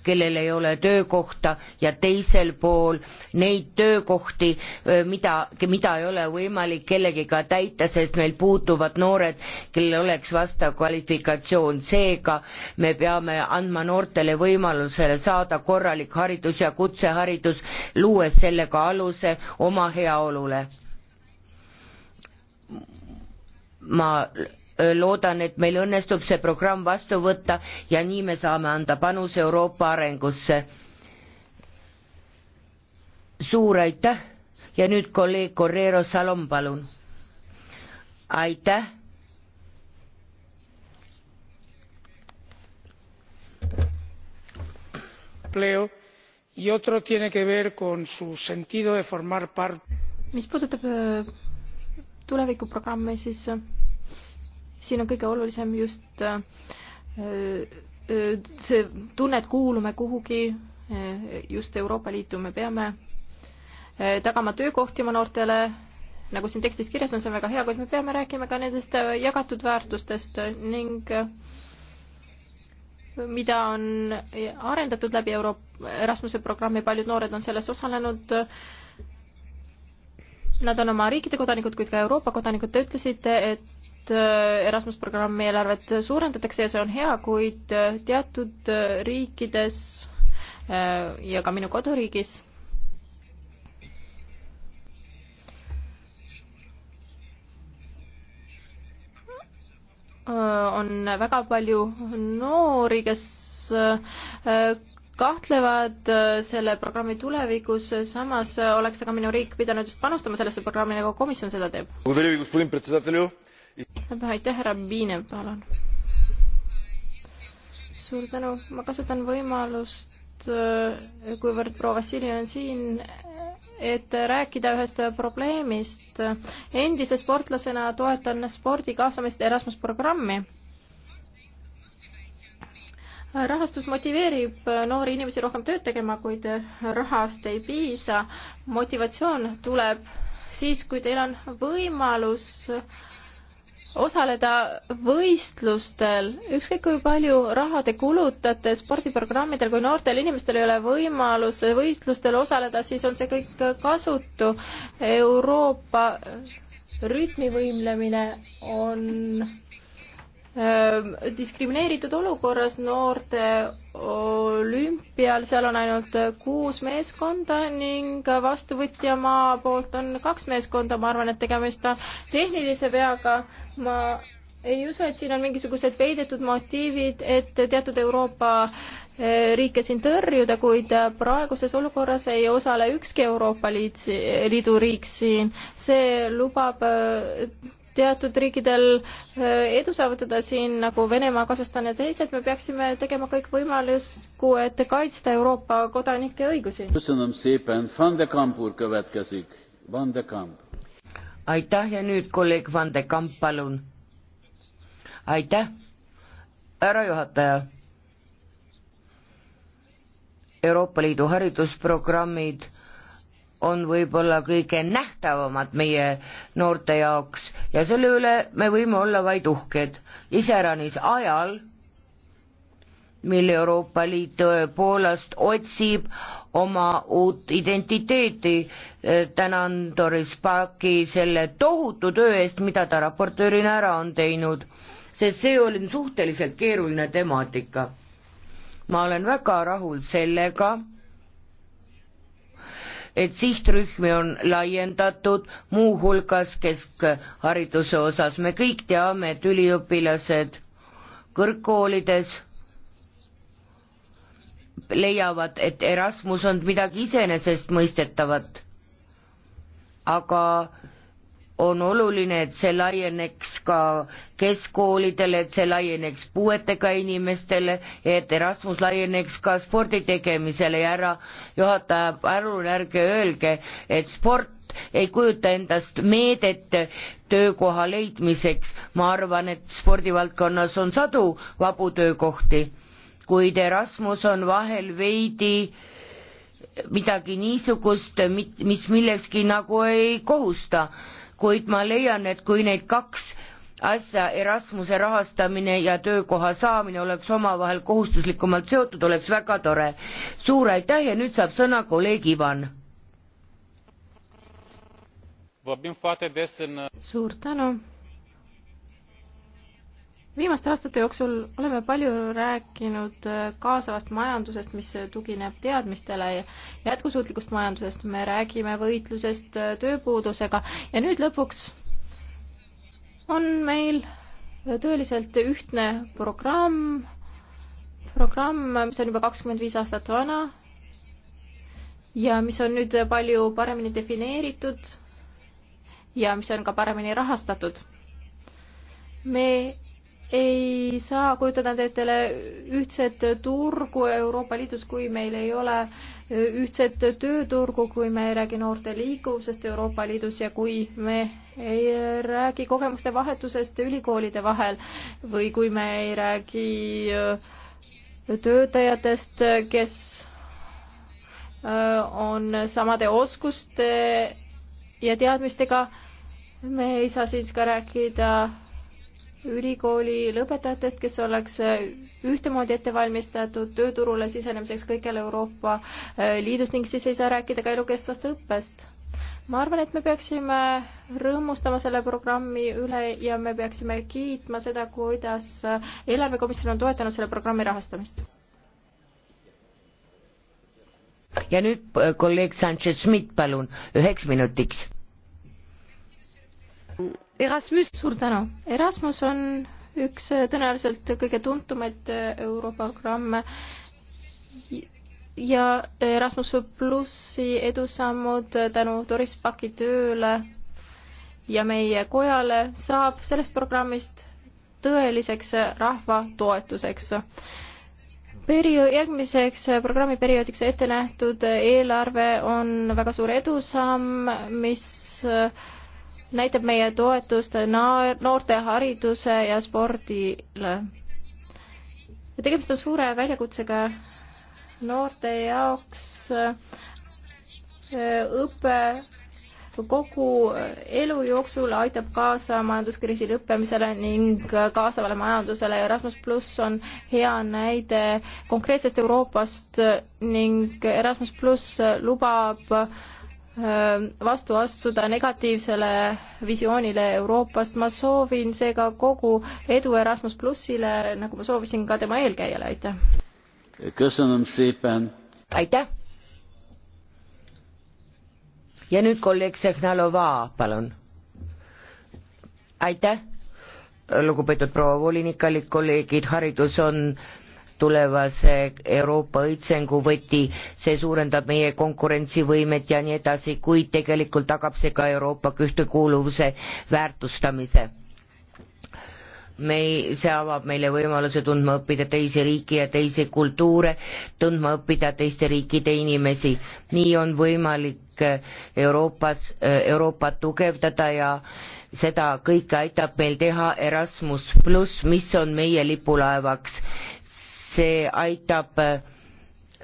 S1: kellel ei ole töökohta ja teisel pool neid töökohti, mida, mida ei ole võimalik kellegiga täita, sest meil puuduvad noored, kellel oleks vastav kvalifikatsioon. seega me peame andma noortele võimalusele saada korralik haridus ja kutseharidus, luues sellega aluse oma heaolule. ma loodan, et meil õnnestub see programm vastu võtta ja nii me saame anda panuse Euroopa arengusse. suur aitäh ja nüüd kolleeg Correro Salom, palun. aitäh empleo y otro tiene que
S4: ver con su sentido de formar parte
S3: mis puudutab äh, tulevikuprogramme siis äh, siin on kõige olulisem just äh, äh, see tunne, et kuulume kuhugi, äh, just Euroopa Liitu, me peame tagama töökohti oma noortele, nagu siin tekstis kirjas on, see on väga hea, kuid me peame rääkima ka nendest jagatud väärtustest ning mida on arendatud läbi Euro-, Erasmuse programmi, paljud noored on selles osalenud äh, Nad on oma riikide kodanikud, kuid ka Euroopa kodanikud. Te ütlesite, et äh, Erasmus programmi eelarvet suurendatakse ja see on hea, kuid äh, teatud äh, riikides ja ka minu koduriigis on väga palju noori, kes kahtlevad äh, selle programmi tulevikus, äh, samas äh, oleks aga minu riik pidanud just panustama sellesse programmi, nagu komisjon seda teeb. aitäh, härra Biinev, palun. suur tänu, ma kasutan võimalust, kuivõrd proua Vassili on siin, et rääkida ühest probleemist. endise sportlasena toetan spordi kaasamist Erasmus programmi rahastus motiveerib noori inimesi rohkem tööd tegema, kuid rahast ei piisa. motivatsioon tuleb siis, kui teil on võimalus osaleda võistlustel, ükskõik kui palju raha te kulutate spordiprogrammidel, kui noortel inimestel ei ole võimalus võistlustel osaleda, siis on see kõik kasutu. Euroopa rütmivõimlemine on diskrimineeritud olukorras noorte olümpial, seal on ainult kuus meeskonda ning vastuvõtjamaa poolt on kaks meeskonda, ma arvan, et tegemist on tehnilise veaga. ma ei usu, et siin on mingisugused peidetud motiivid, et teatud Euroopa riike siin tõrjuda, kuid praeguses olukorras ei osale ükski Euroopa Liit, Liidu riik siin. see lubab teatud riikidel eh, edu saavutada siin nagu Venemaa, Kasahstan ja teised, me peaksime tegema kõik võimalikku, et kaitsta Euroopa kodanike õigusi.
S2: aitäh ja nüüd kolleeg
S1: Van de Kamp, palun. aitäh, härra juhataja. Euroopa Liidu haridusprogrammid on võib-olla kõige nähtavamad meie noorte jaoks ja selle üle me võime olla vaid uhked, iseäranis ajal, mil Euroopa Liit tõepoolest otsib oma uut identiteeti. Eh, tänan Doris Paki selle tohutu töö eest, mida ta raportöörina ära on teinud, sest see oli suhteliselt keeruline temaatika. ma olen väga rahul sellega et sihtrühmi on laiendatud muuhulgas keskhariduse osas. me kõik teame, et üliõpilased kõrgkoolides leiavad, et Erasmus on midagi iseenesestmõistetavat, aga on oluline, et see laieneks ka keskkoolidele, et see laieneks puuetega inimestele, et Erasmus laieneks ka spordi tegemisele ja härra juhataja, palun ärge öelge, et sport ei kujuta endast meedet töökoha leidmiseks, ma arvan, et spordivaldkonnas on sadu vabu töökohti, kuid Erasmus on vahel veidi midagi niisugust, mis millekski nagu ei kohusta kuid ma leian, et kui neid kaks asja, Erasmuse rahastamine ja töökoha saamine oleks omavahel kohustuslikumalt seotud, oleks väga tore. suur aitäh ja nüüd saab sõna kolleeg Ivan.
S3: suur tänu viimaste aastate jooksul oleme palju rääkinud äh, kaasavast majandusest, mis äh, tugineb teadmistele ja jätkusuutlikust majandusest, me räägime võitlusest äh, tööpuudusega ja nüüd lõpuks on meil tõeliselt ühtne programm, programm, mis on juba kakskümmend viis aastat vana ja mis on nüüd palju paremini defineeritud ja mis on ka paremini rahastatud. me ei saa kujutada endale ühtset turgu Euroopa Liidus, kui meil ei ole ühtset tööturgu, kui me ei räägi noorte liikuvusest Euroopa Liidus ja kui me ei räägi kogemuste vahetusest ülikoolide vahel või kui me ei räägi äh, töötajatest, kes äh, on samade oskuste ja teadmistega, me ei saa siis ka rääkida ülikooli lõpetajatest, kes oleks äh, ühtemoodi ette valmistatud tööturule sisenemiseks kõikjal Euroopa äh, Liidus ning siis ei saa rääkida ka elukestvast õppest. ma arvan, et me peaksime rõõmustama selle programmi üle ja me peaksime kiitma seda, kuidas äh, eelarvekomisjon on toetanud selle programmi rahastamist.
S1: ja nüüd kolleeg Sanchez-Schmidt, palun, üheks minutiks
S3: mm, Erasmus. suur tänu. Erasmus on üks äh, tõenäoliselt kõige tuntumaid äh, Euroopa programme ja Erasmus plussi edusammud äh, tänu Doris Paki tööle ja meie kojale saab sellest programmist tõeliseks rahva toetuseks. Perio-, järgmiseks programmiperioodiks ette nähtud eelarve on väga suur edusamm, mis äh, näitab meie toetust noorte hariduse ja spordile. tegemist on suure väljakutsega noorte jaoks äh, õpe kogu elu jooksul aitab kaasa majanduskriisi lõppemisele ning kaasavale majandusele. Erasmus pluss on hea näide konkreetsest Euroopast ning Erasmus pluss lubab äh, Ähm, vastu astuda negatiivsele visioonile Euroopast. ma soovin seega kogu edu Erasmus plussile, nagu ma soovisin ka tema eelkäijale, aitäh. aitäh.
S1: ja nüüd kolleeg Sehnalova, palun. aitäh, lugupeetud proua volinik, kallid kolleegid, haridus on tulevase Euroopa õitsenguvõti, see suurendab meie konkurentsivõimet ja nii edasi, kuid tegelikult tagab see ka Euroopa ühtekuuluvuse väärtustamise me ei, see avab meile võimaluse tundma õppida teisi riike ja teisi kultuure, tundma õppida teiste riikide inimesi. nii on võimalik äh, Euroopas, äh, Euroopat tugevdada ja seda kõike aitab meil teha Erasmus pluss, mis on meie lipulaevaks see aitab äh,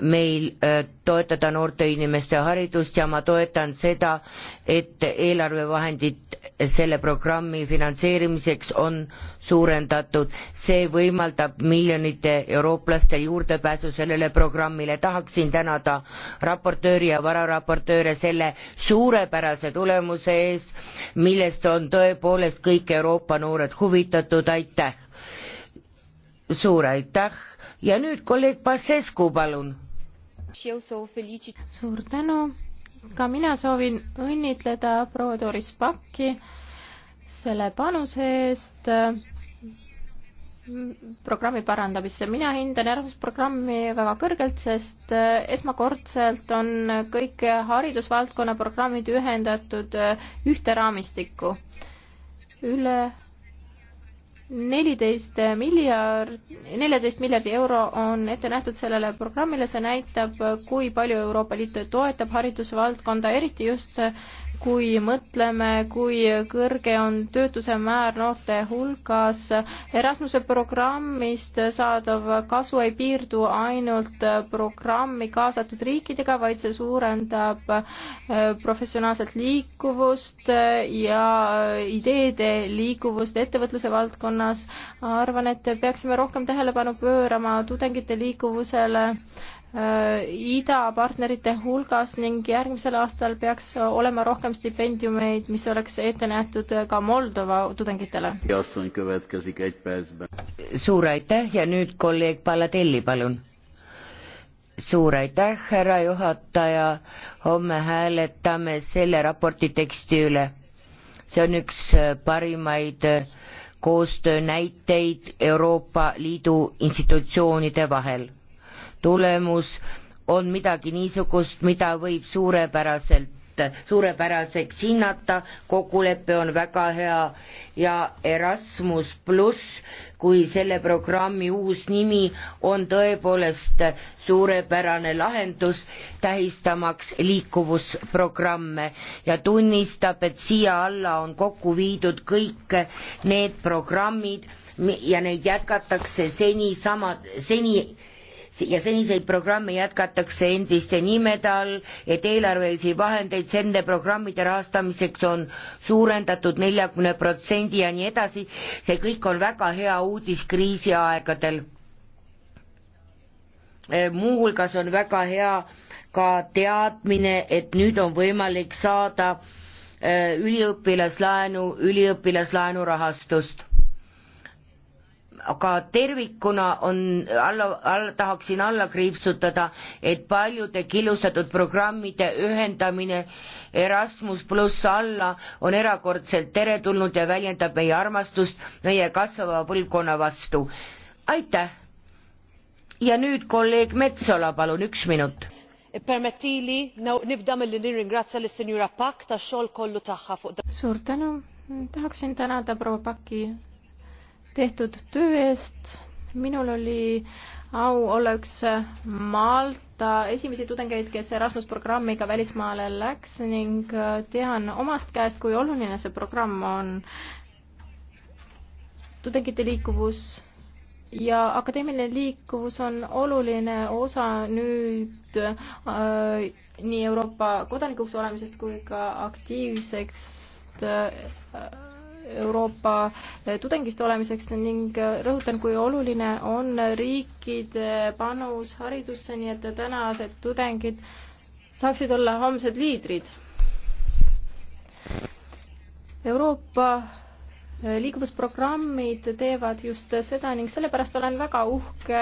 S1: meil äh, toetada noorte inimeste haridust ja ma toetan seda, et eelarvevahendid selle programmi finantseerimiseks on suurendatud. see võimaldab miljonite eurooplaste juurdepääsu sellele programmile. tahaksin tänada raportööri ja vararaportööre selle suurepärase tulemuse ees, millest on tõepoolest kõik Euroopa noored huvitatud, aitäh! suur aitäh! ja nüüd kolleeg Pasescu, palun.
S3: suur tänu, ka mina soovin õnnitleda proua Doris Pakki selle panuse eest programmi parandamisse. mina hindan Erasmus-programmi väga kõrgelt, sest eh, esmakordselt on kõik haridusvaldkonna programmid ühendatud eh, ühte raamistikku. üle neliteist miljard, neljateist miljardi euro on ette nähtud sellele programmile, see näitab, kui palju Euroopa Liit toetab haridusvaldkonda, eriti just kui mõtleme, kui kõrge on töötuse määr noorte hulgas. Erasmuse programmist saadav kasu ei piirdu ainult programmi kaasatud riikidega, vaid see suurendab äh, professionaalset liikuvust ja ideede liikuvust ettevõtluse valdkonnas. arvan, et peaksime rohkem tähelepanu pöörama tudengite liikuvusele Äh, idapartnerite hulgas ning järgmisel aastal peaks äh, olema rohkem stipendiumeid, mis oleks ette nähtud äh, ka Moldova tudengitele.
S1: suur aitäh ja nüüd kolleeg Palatelli, palun. suur aitäh, härra juhataja, homme hääletame selle raporti teksti üle. see on üks parimaid koostöönäiteid Euroopa Liidu institutsioonide vahel tulemus on midagi niisugust, mida võib suurepäraselt suurepäraseks hinnata, kokkulepe on väga hea ja Erasmus pluss kui selle programmi uus nimi on tõepoolest suurepärane lahendus tähistamaks liikuvusprogramme ja tunnistab, et siia alla on kokku viidud kõik need programmid ja neid jätkatakse seni sama, seni ja seniseid programme jätkatakse endiste nimede all, et eelarvelisi vahendeid nende programmide rahastamiseks on suurendatud neljakümne protsendi ja nii edasi, see kõik on väga hea uudis kriisiaegadel. E, muuhulgas on väga hea ka teadmine, et nüüd on võimalik saada e, üliõpilaslaenu, üliõpilaslaenu rahastust aga tervikuna on alla, alla, tahaksin alla kriipsutada, et paljude killustatud programmide ühendamine Erasmus pluss alla on erakordselt teretulnud ja väljendab meie armastust meie kasvava põlvkonna vastu. aitäh! ja nüüd kolleeg Metsola, palun, üks minut ippermettili nibda
S4: milli nirringrazzja lis sinjura pack tax-xogħol kollu tagħha fuq dan.
S3: Suur tänu. Tahaksin tänada proua Pakki tehtud töö eest. minul oli au olla üks Malta esimesi tudengeid, kes Erasmus programmiga välismaale läks ning äh, tean omast käest, kui oluline see programm on. tudengite liikuvus ja akadeemiline liikuvus on oluline osa nüüd äh, nii Euroopa kodanikuks olemisest kui ka aktiivseks äh, Euroopa tudengist olemiseks ning rõhutan, kui oluline on riikide panus haridusse, nii et tänased tudengid saaksid olla homsed liidrid. Euroopa liikuvusprogrammid teevad just seda ning sellepärast olen väga uhke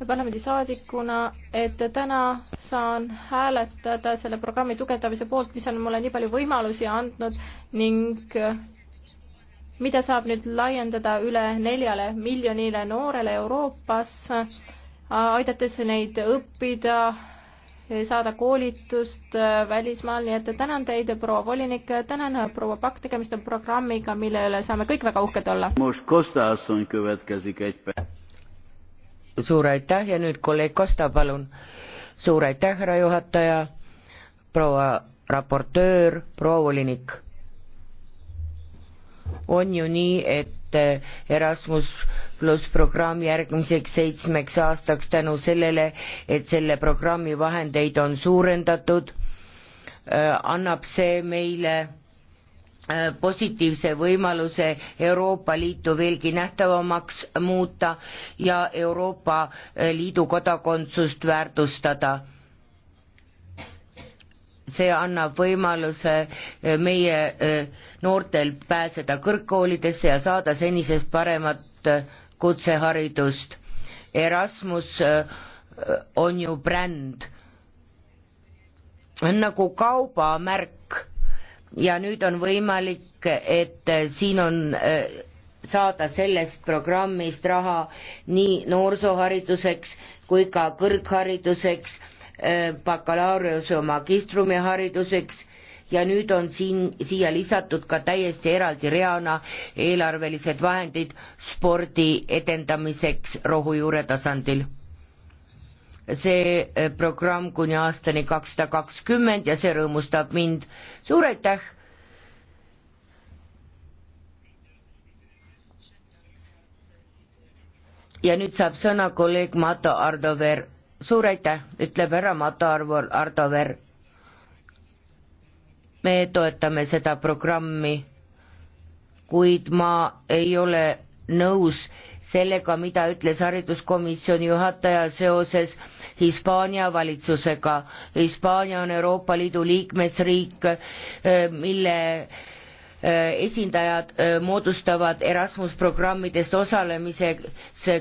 S3: parlamendisaadikuna, et täna saan hääletada selle programmi tugevdamise poolt, mis on mulle nii palju võimalusi andnud ning mida saab nüüd laiendada üle neljale miljonile noorele Euroopas, aidates neid õppida, saada koolitust äh, välismaal, nii et tänan teid, proua volinik, tänan äh, proua Pakk, tegemist on programmiga, mille üle saame kõik väga uhked olla.
S2: suur aitäh
S1: ja nüüd kolleeg Kosta, palun. suur aitäh, härra juhataja, proua raportöör, proua volinik on ju nii, et eh, Erasmus pluss programm järgmiseks seitsmeks aastaks tänu sellele, et selle programmi vahendeid on suurendatud, eh, annab see meile eh, positiivse võimaluse Euroopa Liitu veelgi nähtavamaks muuta ja Euroopa Liidu kodakondsust väärtustada see annab võimaluse eh, meie eh, noortel pääseda kõrgkoolidesse ja saada senisest paremat eh, kutseharidust. Erasmus on ju bränd, on nagu kaubamärk ja nüüd on võimalik, et siin on saada sellest programmist raha nii noorsoohariduseks kui ka kõrghariduseks Äh, bakalaureuse magistrumi hariduseks ja nüüd on siin, siia lisatud ka täiesti eraldi reana eelarvelised vahendid spordi edendamiseks rohujuure tasandil. see äh, programm kuni aastani kakssada kakskümmend ja see rõõmustab mind. suur aitäh! ja nüüd saab sõna kolleeg Mato Ardover suur aitäh, ütleb härra Mato Arvo Ardover. me toetame seda programmi, kuid ma ei ole nõus sellega, mida ütles hariduskomisjoni juhataja seoses Hispaania valitsusega. Hispaania on Euroopa Liidu liikmesriik, eh, mille eh, esindajad eh, moodustavad Erasmus programmidest osalemises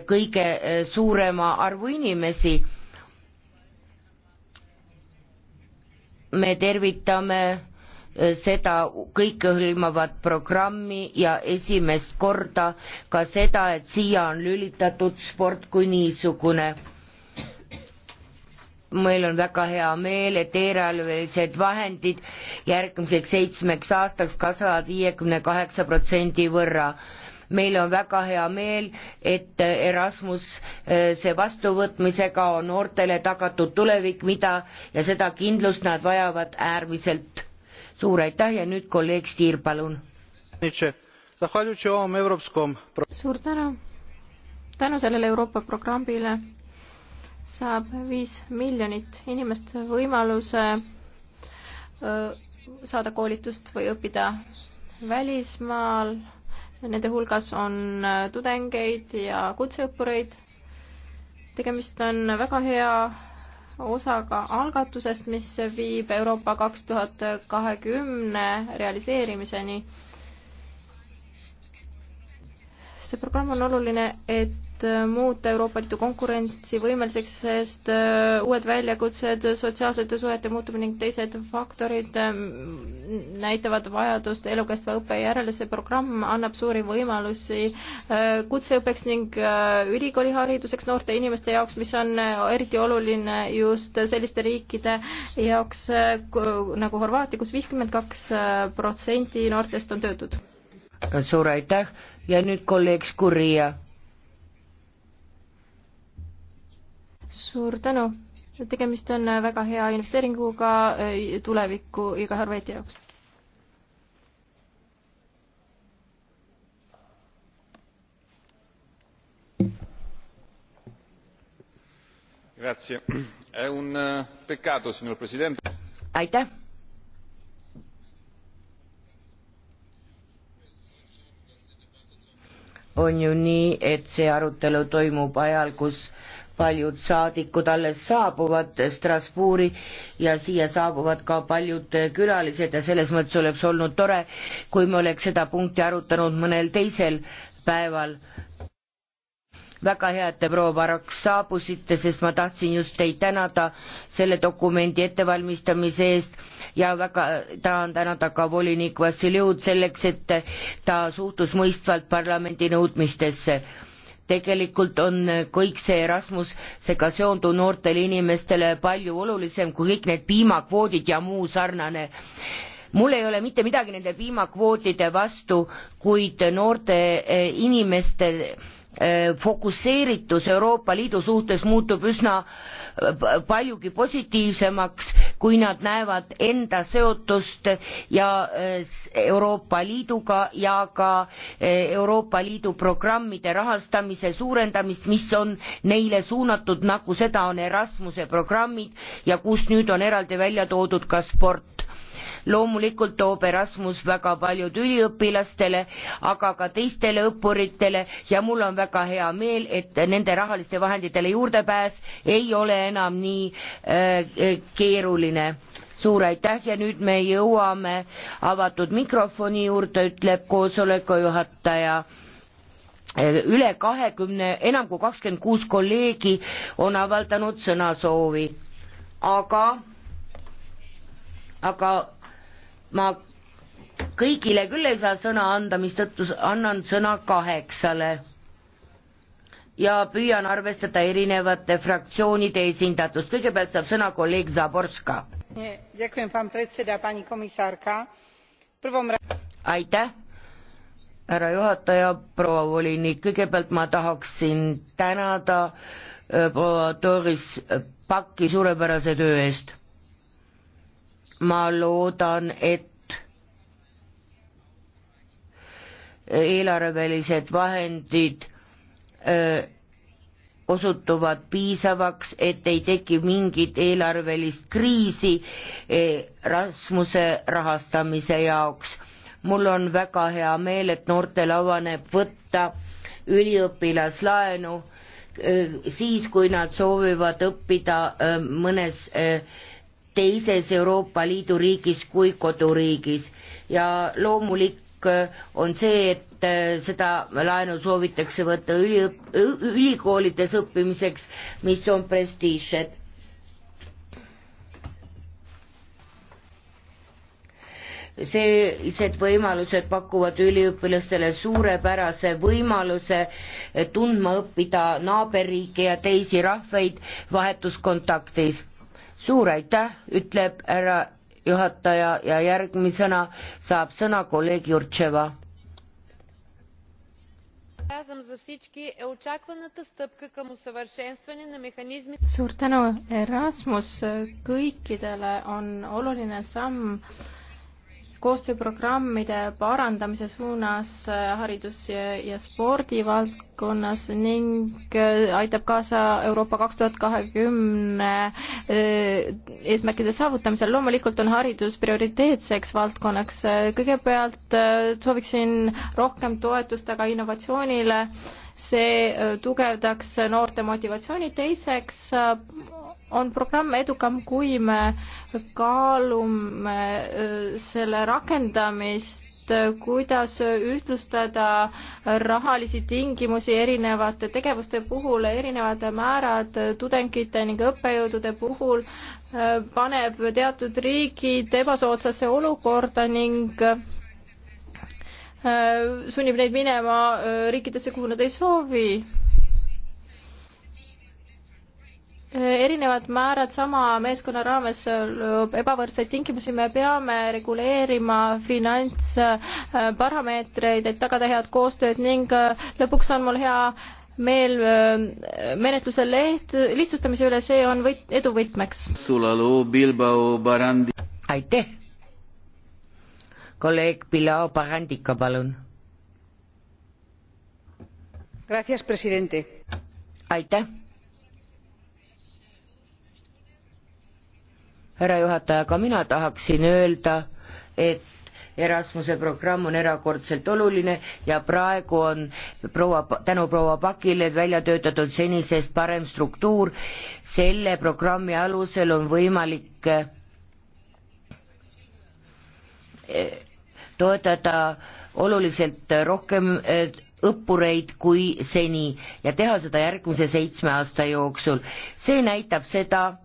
S1: kõige suurema arvu inimesi me tervitame äh, seda kõikehõlmavat programmi ja esimest korda ka seda, et siia on lülitatud sport kui niisugune. meil on väga hea meel, et eelarvelised vahendid järgmiseks seitsmeks aastaks kasvavad viiekümne kaheksa protsendi võrra meil on väga hea meel, et Erasmuse eh, vastuvõtmisega on noortele tagatud tulevik, mida ja seda kindlust nad vajavad äärmiselt. suur aitäh ja nüüd kolleeg Stier, palun.
S3: suur tänu. tänu sellele Euroopa programmile saab viis miljonit inimest võimaluse eh, saada koolitust või õppida välismaal Nende hulgas on äh, tudengeid ja kutseõppureid. tegemist on väga hea osaga algatusest, mis viib Euroopa kaks tuhat kahekümne realiseerimiseni see programm on oluline, et äh, muuta Euroopa Liidu konkurentsivõimeliseks, sest äh, uued väljakutsed, sotsiaalsete suhete muutumine ning teised faktorid ähm, näitavad vajadust elukestva õppe järele. see programm annab suuri võimalusi äh, kutseõppeks ning ülikoolihariduseks noorte inimeste jaoks, mis on eriti oluline just selliste riikide jaoks nagu Horvaatia, kus viiskümmend kaks protsenti noortest on töötud
S1: suur aitäh ja nüüd kolleeg Skurria.
S3: suur tänu, tegemist on väga hea investeeringuga eh, tulevikku iga Horvaatia jaoks.
S2: Eh,
S1: aitäh! on ju nii, et see arutelu toimub ajal, kus paljud saadikud alles saabuvad Strasbourgi ja siia saabuvad ka paljud külalised ja selles mõttes oleks olnud tore, kui me oleks seda punkti arutanud mõnel teisel päeval väga hea, et te proua Baraks saabusite, sest ma tahtsin just teid tänada selle dokumendi ettevalmistamise eest ja väga tahan tänada ka volinik Vassiljev selleks, et ta suhtus mõistvalt parlamendi nõudmistesse tegelikult on kõik see Erasmusega seonduv noortele inimestele palju olulisem kui kõik need piimakvoodid ja muu sarnane mul ei ole mitte midagi nende piimakvootide vastu kuid noorte eh, inimeste Äh, fokusseeritus Euroopa Liidu suhtes muutub üsna äh, paljugi positiivsemaks, kui nad näevad enda seotust ja äh, Euroopa Liiduga ja ka Euroopa Liidu programmide rahastamise suurendamist, mis on neile suunatud, nagu seda on Erasmuse programmid ja kus nüüd on eraldi välja toodud ka sport loomulikult toob Erasmus väga paljud üliõpilastele, aga ka teistele õppuritele ja mul on väga hea meel, et nende rahaliste vahenditele juurdepääs ei ole enam nii äh, keeruline suur aitäh ja nüüd me jõuame avatud mikrofoni juurde, ütleb koosoleku juhataja äh, üle kahekümne, enam kui kakskümmend kuus kolleegi on avaldanud sõnasoovi, aga, aga ma kõigile küll ei saa sõna anda, mistõttu annan sõna kaheksale ja püüan arvestada erinevate fraktsioonide esindatust. kõigepealt saab sõna kolleeg Zaborska. aitäh, härra juhataja, proua volinik, kõigepealt ma tahaksin tänada eh, proua Doris Pakki suurepärase töö eest ma loodan, et eelarvelised vahendid öö, osutuvad piisavaks, et ei teki mingit eelarvelist kriisi Rasmuse rahastamise jaoks. mul on väga hea meel, et noortel avaneb võtta üliõpilaslaenu siis, kui nad soovivad õppida mõnes teises Euroopa Liidu riigis kui koduriigis ja loomulik äh, on see, et äh, seda laenu soovitakse võtta üli, ülikoolides õppimiseks, mis on prestiižsed sellised võimalused pakuvad üliõpilastele suurepärase võimaluse äh, tundma õppida naaberriike ja teisi rahvaid vahetuskontaktis suur aitäh, ütleb härra juhataja ja järgmisena saab sõna kolleeg Jurtševa.
S3: suur tänu, Erasmus kõikidele on oluline samm koostööprogrammide parandamise suunas äh, haridus- ja spordivaldkonnas ning äh, aitab kaasa Euroopa kaks tuhat kahekümne äh, eesmärkide saavutamisel. loomulikult on haridus prioriteetseks valdkonnaks. kõigepealt sooviksin rohkem toetust aga innovatsioonile, see tugevdaks noorte motivatsiooni, teiseks on programm edukam, kui me kaalume äh, selle rakendamist äh, kuidas ühtlustada rahalisi tingimusi erinevate tegevuste puhul, erinevad määrad tudengite ning õppejõudude puhul äh, paneb teatud riigid ebasoodsasse olukorda ning sunnib neid minema riikidesse, kuhu nad ei soovi erinevad määrad sama meeskonna raames ebavõrdseid tingimusi, me peame reguleerima finantsparameetreid, et tagada head koostööd ning äh, lõpuks on mul hea meel äh, menetluse leht, lihtsustamise üle, see on võit-, edu võtmeks.
S2: aitäh!
S1: kolleeg Bilbao Barandika, palun. aitäh! härra juhataja, ka mina tahaksin öelda, et Erasmuse programm on erakordselt oluline ja praegu on proua, tänu proua Pakile välja töötatud senisest parem struktuur. selle programmi alusel on võimalik eh, toetada oluliselt rohkem eh, õppureid kui seni ja teha seda järgmise seitsme aasta jooksul. see näitab seda,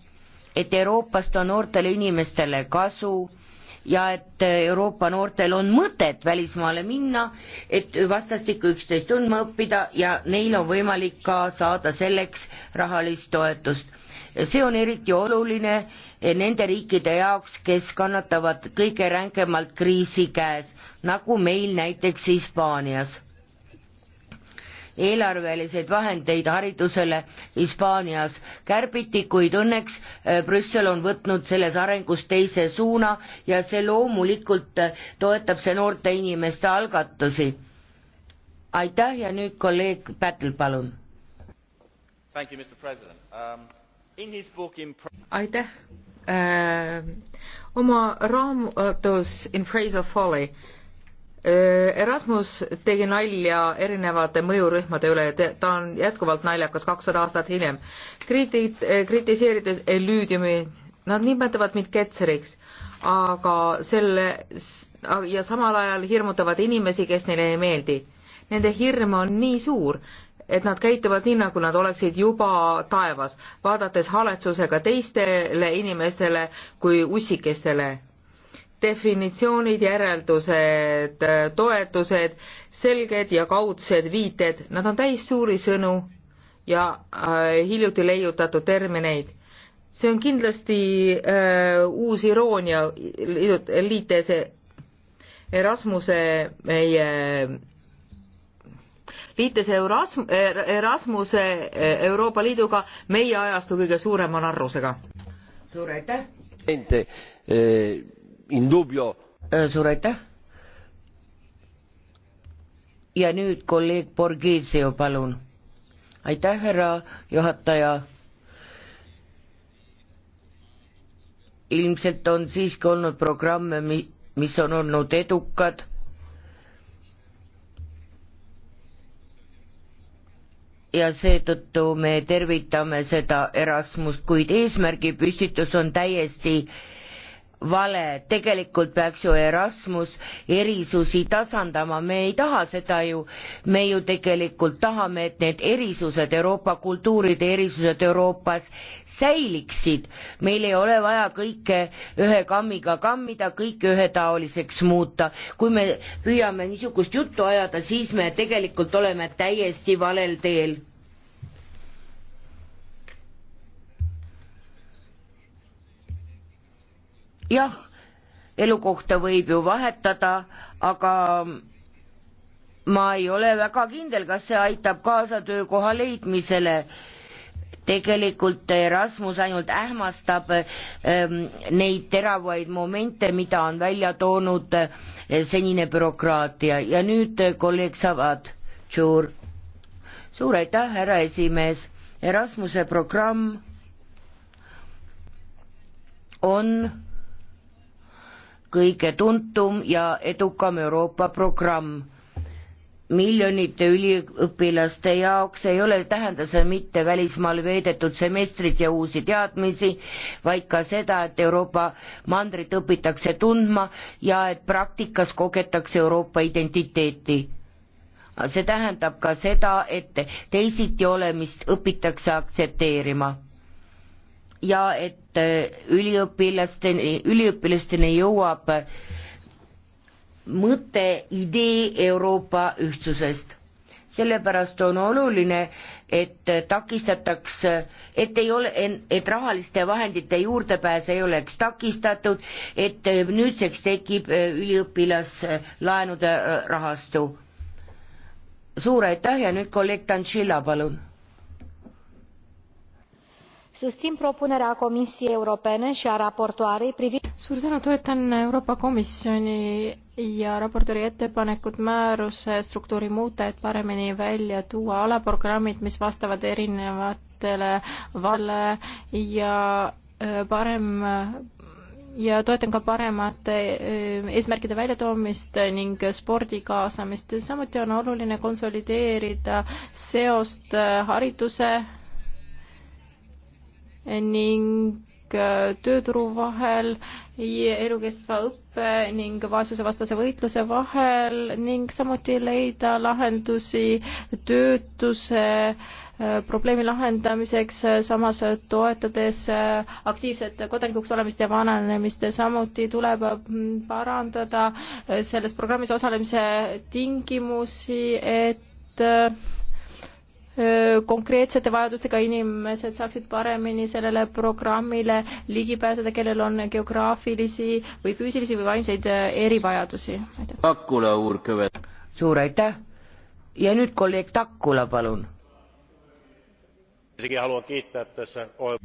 S1: et Euroopast on noortele inimestele kasu ja et Euroopa noortel on mõtet välismaale minna, et vastastikku üksteist tundma õppida ja neil on võimalik ka saada selleks rahalist toetust. see on eriti oluline nende riikide jaoks, kes kannatavad kõige rängemalt kriisi käes, nagu meil näiteks Hispaanias eelarveliseid vahendeid haridusele Hispaanias kärbiti, kuid õnneks äh, Brüssel on võtnud selles arengus teise suuna ja see loomulikult äh, toetab see noorte inimeste algatusi. aitäh ja nüüd kolleeg Pätl, palun.
S3: Um,
S1: aitäh äh, oma
S4: raamatus In Praise of Folly Erasmus tegi nalja erinevate mõjurühmade üle ja ta on jätkuvalt naljakas kakssada aastat hiljem. kriitik, kritiseerides Elüüdiumi, nad nimetavad mind ketseriks, aga selle ja samal ajal hirmutavad inimesi, kes neile ei meeldi. Nende hirm on nii suur, et nad käituvad nii, nagu nad oleksid juba taevas, vaadates haletsusega teistele inimestele kui ussikestele definitsioonid, järeldused, toetused, selged ja kaudsed viited, nad on täis suuri sõnu ja äh, hiljuti leiutatud termineid. see on kindlasti äh, uus iroonia liites Erasmuse meie liites Erasm-, Erasmuse äh, Euroopa Liiduga meie ajastu kõige suurema narrusega.
S2: suur aitäh!
S1: suur aitäh. ja nüüd kolleeg Borghese, palun. aitäh, härra juhataja ilmselt on siiski olnud programme, mis on olnud edukad. ja seetõttu me tervitame seda Erasmust, kuid eesmärgipüstitus on täiesti vale, tegelikult peaks ju Erasmus erisusi tasandama, me ei taha seda ju, me ju tegelikult tahame, et need erisused, Euroopa kultuuride erisused Euroopas säiliksid. meil ei ole vaja kõike ühe kammiga kammida, kõike ühetaoliseks muuta. kui me püüame niisugust juttu ajada, siis me tegelikult oleme täiesti valel teel jah, elukohta võib ju vahetada, aga ma ei ole väga kindel, kas see aitab kaasa töökoha leidmisele. tegelikult Rasmus ainult ähmastab ähm, neid teravaid momente, mida on välja toonud äh, senine bürokraatia ja nüüd äh, kolleeg Savad, suur, suur aitäh, härra esimees. Erasmuse programm on kõige tuntum ja edukam Euroopa programm. miljonite üliõpilaste jaoks ei ole, tähenda see mitte välismaal veedetud semestrit ja uusi teadmisi, vaid ka seda, et Euroopa mandrit õpitakse tundma ja et praktikas kogetakse Euroopa identiteeti see tähendab ka seda, et teisiti olemist õpitakse aktsepteerima. ja et Äh, üliõpilasteni, üliõpilasteni jõuab äh, mõte, idee Euroopa ühtsusest. sellepärast on oluline, et äh, takistataks, et ei ole, et rahaliste vahendite juurdepääs ei oleks takistatud, et nüüdseks tekib üliõpilaslaenude rahastu. suur aitäh ja nüüd kolleeg Tantšilla, palun
S3: susțin propunerea comisiei europene și a raportoarei privind suur tänu toetan euroopa komisjoni ja raportööri ettepanekut määruse struktuuri muuta et paremini välja tuua alaprogrammid mis vastavad erinevatele vale ja äh, parem ja toetan ka paremate äh, eesmärkide väljatoomist ning spordi kaasamist. samuti on oluline konsolideerida seost äh, hariduse ning äh, tööturu vahel, elukestva õppe ning vaesusevastase võitluse vahel ning samuti leida lahendusi töötuse äh, probleemi lahendamiseks, äh, samas toetades aktiivset kodanikuks olemist ja vananemist. samuti tuleb mm, parandada selles programmis osalemise tingimusi, et konkreetsete vajadustega inimesed saaksid paremini sellele programmile ligi pääseda, kellel on geograafilisi või füüsilisi või vaimseid erivajadusi.
S1: suur aitäh ja nüüd kolleeg Takula, palun.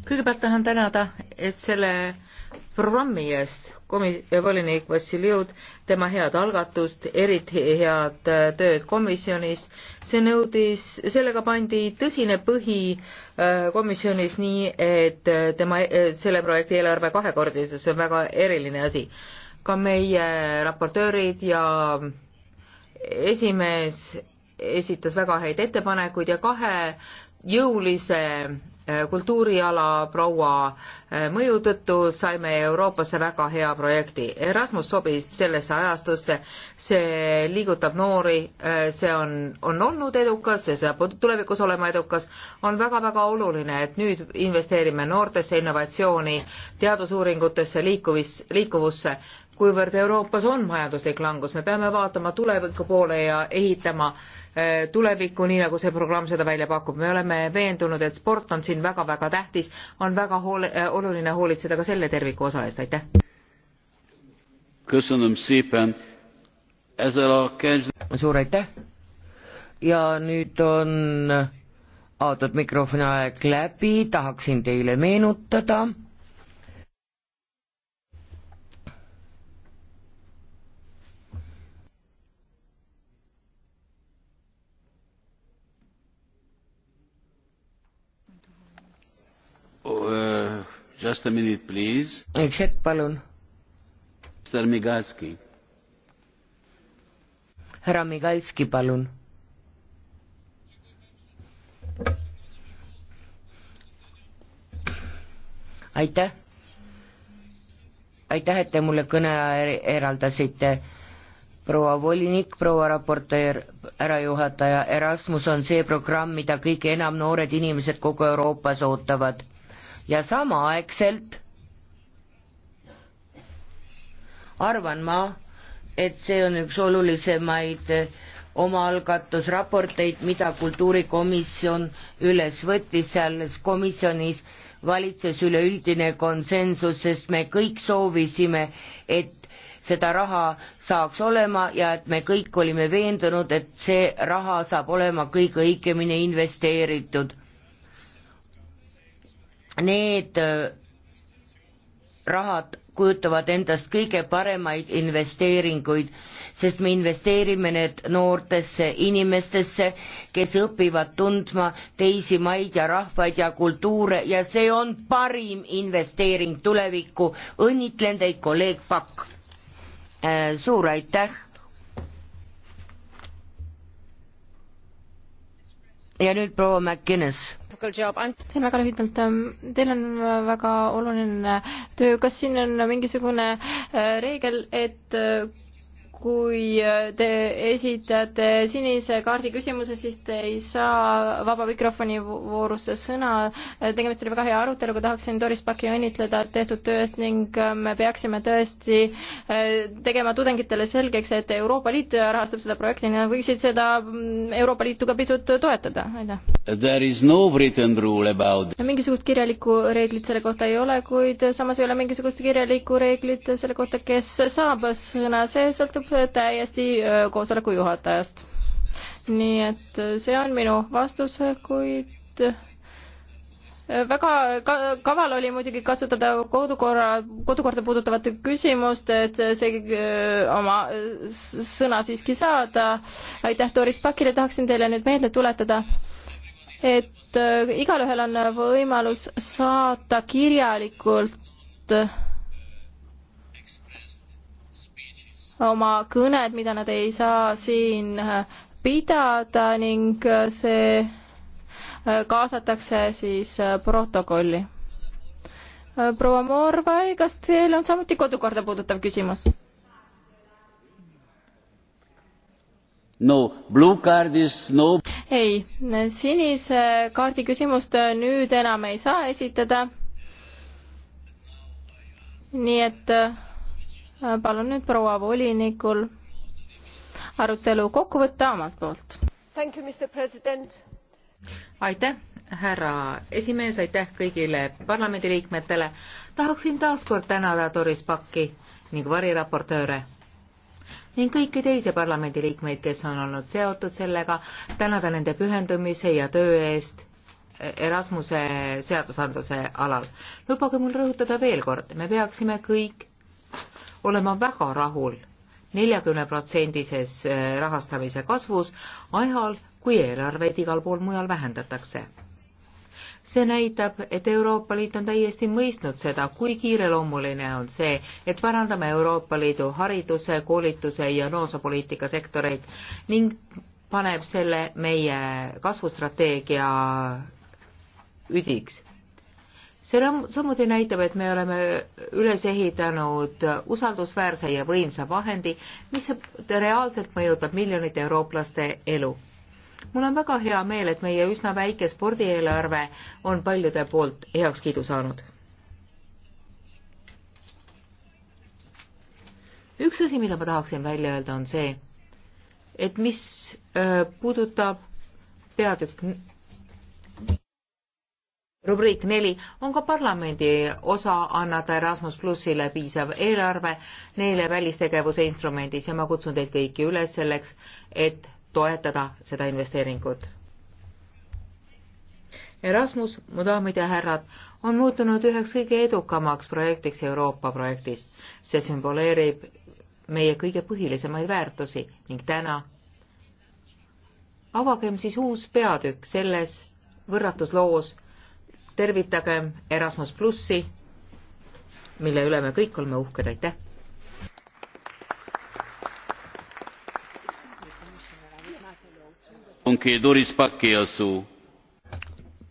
S4: kõigepealt tahan tänada, et selle programmi eest, komi-, eh, volinik Vassiljud, tema head algatust, eriti head eh, tööd komisjonis. see nõudis, sellega pandi tõsine põhi eh, komisjonis, nii et tema, selle projekti eelarve kahekordilisus on väga eriline asi. ka meie raportöörid ja esimees esitas väga häid ettepanekuid ja kahe jõulise äh, kultuuriala proua äh, mõju tõttu saime Euroopasse väga hea projekti. Erasmus sobis sellesse ajastusse, see liigutab noori, äh, see on, on olnud edukas ja saab tulevikus olema edukas. on väga-väga oluline, et nüüd investeerime noortesse innovatsiooni, teadusuuringutesse, liikuvis, liikuvusse, kuivõrd Euroopas on majanduslik langus, me peame vaatama tuleviku poole ja ehitama äh, Äh, tulevikku, nii nagu see programm seda välja pakub. me oleme veendunud, et sport on siin väga-väga tähtis, on väga hool-, äh, oluline hoolitseda ka selle terviku osa eest, aitäh!
S2: suur aitäh!
S1: ja nüüd on avatud mikrofoni aeg läbi, tahaksin teile meenutada
S2: üks
S1: hetk, palun. härra Migalski, palun. aitäh. aitäh, et te mulle kõne er-, eraldasite proua volinik, proua raportöör, härra juhataja, Erasmus on see programm, mida kõige enam noored inimesed kogu Euroopas ootavad ja samaaegselt arvan ma, et see on üks olulisemaid omaalgatusraporteid, mida kultuurikomisjon üles võttis, selles komisjonis valitses üleüldine konsensus, sest me kõik soovisime, et seda raha saaks olema ja et me kõik olime veendunud, et see raha saab olema kõige õigemini investeeritud need äh, rahad kujutavad endast kõige paremaid investeeringuid, sest me investeerime need noortesse inimestesse, kes õpivad tundma teisi maid ja rahvaid ja kultuure ja see on parim investeering tulevikku. õnnitlen teid, kolleeg Pakk. Äh, suur aitäh. ja nüüd proua McInnes
S3: teen väga lühidalt, ähm, teil on äh, väga oluline töö, kas siin on mingisugune äh, reegel, et äh, kui te esitate sinise kaardi küsimuse, siis te ei saa vaba mikrofoni voorusse sõna. tegemist oli väga hea aruteluga, tahaksin Doris Paki õnnitleda tehtud töö eest ning me peaksime tõesti äh, tegema tudengitele selgeks, et Euroopa Liit rahastab seda projekti, nad võiksid seda mm, Euroopa Liitu ka pisut toetada, aitäh.
S2: There is no written rule about
S3: mingisugust kirjalikku reeglit selle kohta ei ole, kuid samas ei ole mingisugust kirjalikku reeglit selle kohta, kes saab sõna, see sõltub täiesti koosoleku juhatajast. nii et see on minu vastus, kuid väga ka kaval oli muidugi kasutada kodukorra, kodukorda puudutavat küsimust, et see oma sõna siiski saada. aitäh Doris Pakile, tahaksin teile nüüd meelde tuletada, et igalühel on võimalus saata kirjalikult oma kõned, mida nad ei saa siin äh, pidada ning äh, see äh, kaasatakse siis protokolli. proua Moorvai, kas teil on samuti kodukorda puudutav küsimus?
S2: No, blue card is no.
S3: ei, sinise kaardi küsimust nüüd enam ei saa esitada. nii et palun nüüd proua volinikul arutelu kokku võtta omalt poolt.
S4: aitäh, härra esimees, aitäh kõigile parlamendiliikmetele. tahaksin taas kord tänada Doris Pakki ning variraportööre ning kõiki teisi parlamendiliikmeid, kes on olnud seotud sellega, tänada nende pühendumise ja töö eest Erasmuse seadusandluse alal. lubage mul rõhutada veel kord, me peaksime kõik olema väga rahul neljakümneprotsendises eh, rahastamise kasvus ajal, kui eelarveid igal pool mujal vähendatakse. see näitab, et Euroopa Liit on täiesti mõistnud seda, kui kiireloomuline on see, et parandame Euroopa Liidu hariduse, koolituse ja noorsoopoliitika sektoreid ning paneb selle meie kasvustrateegia üdiks see samuti näitab, et me oleme üles ehitanud usaldusväärse ja võimsa vahendi, mis reaalselt mõjutab miljonite eurooplaste elu. mul on väga hea meel, et meie üsna väike spordieelarve on paljude poolt heakskiidu saanud. üks asi, mida ma tahaksin välja öelda, on see, et mis äh, puudutab peatükk rubriik neli on ka parlamendi osa annada Erasmus plussile piisav eelarve neile välistegevuse instrumendis ja ma kutsun teid kõiki üles selleks, et toetada seda investeeringut. Erasmus, mu daamid ja härrad, on muutunud üheks kõige edukamaks projektiks Euroopa projektist. see sümboleerib meie kõige põhilisemaid väärtusi ning täna avagem siis uus peatükk selles võrratus loos tervitagem Erasmus plussi, mille üle me kõik oleme uhked, aitäh!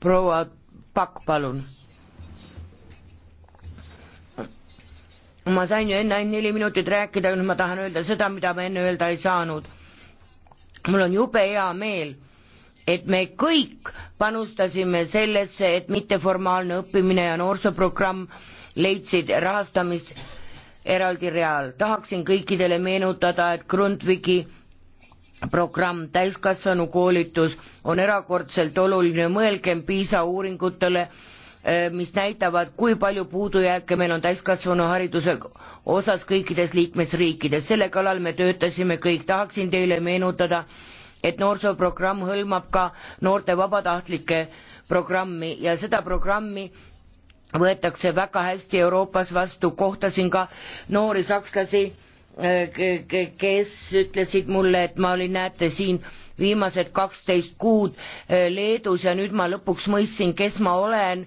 S1: proua pakk palun ma sain ju enne ainult neli minutit rääkida ja nüüd ma tahan öelda seda mida ma enne öelda ei saanud mul on jube hea meel et me kõik panustasime sellesse, et mitteformaalne õppimine ja noorsooprogramm leidsid rahastamist eraldi real. tahaksin kõikidele meenutada, et Grundvigi programm täiskasvanukoolitus on erakordselt oluline, mõelgem PISA uuringutele, eh, mis näitavad, kui palju puudujääke meil on täiskasvanuhariduse osas kõikides liikmesriikides. selle kallal me töötasime kõik, tahaksin teile meenutada, et noorsooprogramm hõlmab ka noorte vabatahtlike programmi ja seda programmi võetakse väga hästi Euroopas vastu, kohtasin ka noori sakslasi, kes ütlesid mulle, et ma olin, näete siin viimased kaksteist kuud eh, Leedus ja nüüd ma lõpuks mõistsin, kes ma olen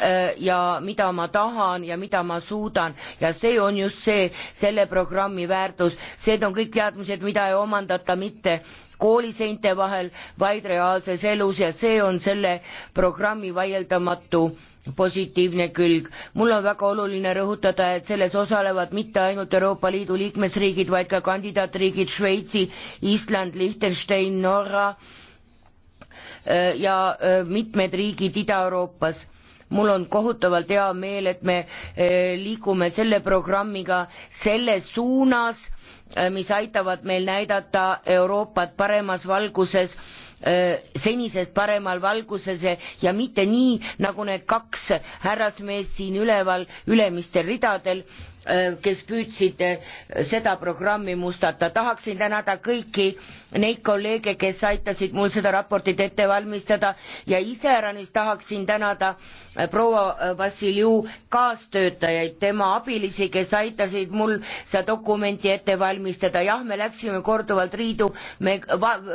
S1: Äh, ja mida ma tahan ja mida ma suudan ja see on just see, selle programmi väärtus, need on kõik teadmised, mida ei omandata mitte kooliseinte vahel, vaid reaalses elus ja see on selle programmi vaieldamatu positiivne külg. mul on väga oluline rõhutada, et selles osalevad mitte ainult Euroopa Liidu liikmesriigid, vaid ka kandidaatriigid Šveitsi, Island, Liechtenstein, Norra äh, ja äh, mitmed riigid Ida-Euroopas mul on kohutavalt hea meel, et me eh, liigume selle programmiga selles suunas, eh, mis aitavad meil näidata Euroopat paremas valguses eh, senisest paremal valguses ja mitte nii, nagu need kaks härrasmeest siin üleval ülemistel ridadel Äh, kes püüdsid äh, seda programmi mustata. tahaksin tänada kõiki neid kolleege, kes aitasid mul seda raportit ette valmistada ja iseäranis tahaksin tänada äh, proua Vassiljev kaastöötajaid, tema abilisi, kes aitasid mul seda dokumenti ette valmistada. jah, me läksime korduvalt riidu, me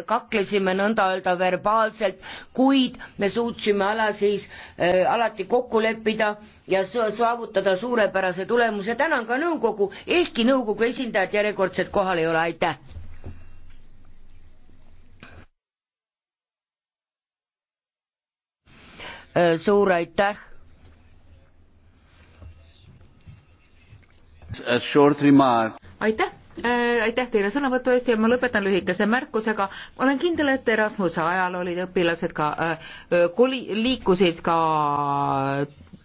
S1: kaklesime nõnda-öelda verbaalselt, kuid me suutsime ala siis äh, alati kokku leppida ja saavutada suurepärase tulemuse, tänan ka nõukogu, ehkki nõukogu esindajad järjekordselt kohal ei ole, aitäh! Äh, suur aitäh! aitäh!
S4: Äh, aitäh teile sõnavõtu eest ja ma lõpetan lühikese märkusega. olen kindel, et Erasmuse ajal olid õpilased ka, äh, liikusid ka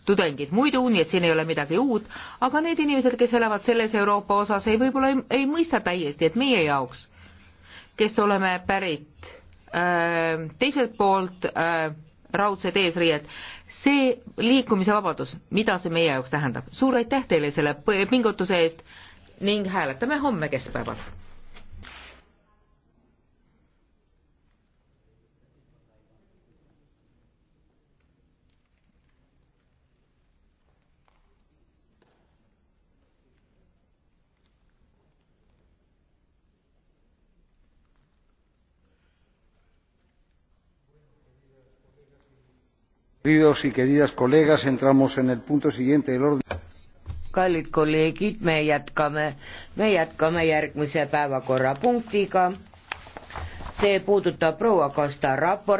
S4: tudengid muidu, nii et siin ei ole midagi uut, aga need inimesed, kes elavad selles Euroopa osas, ei võib-olla ei, ei mõista täiesti, et meie jaoks, kes oleme pärit äh, teiselt poolt äh, raudset eesriiet, see liikumise vabadus, mida see meie jaoks tähendab. suur aitäh teile selle pingutuse eest ning hääletame homme keskpäeval
S1: kallid kolleegid, me jätkame, me jätkame järgmise päevakorrapunktiga. see puudutab proua Costa raportit.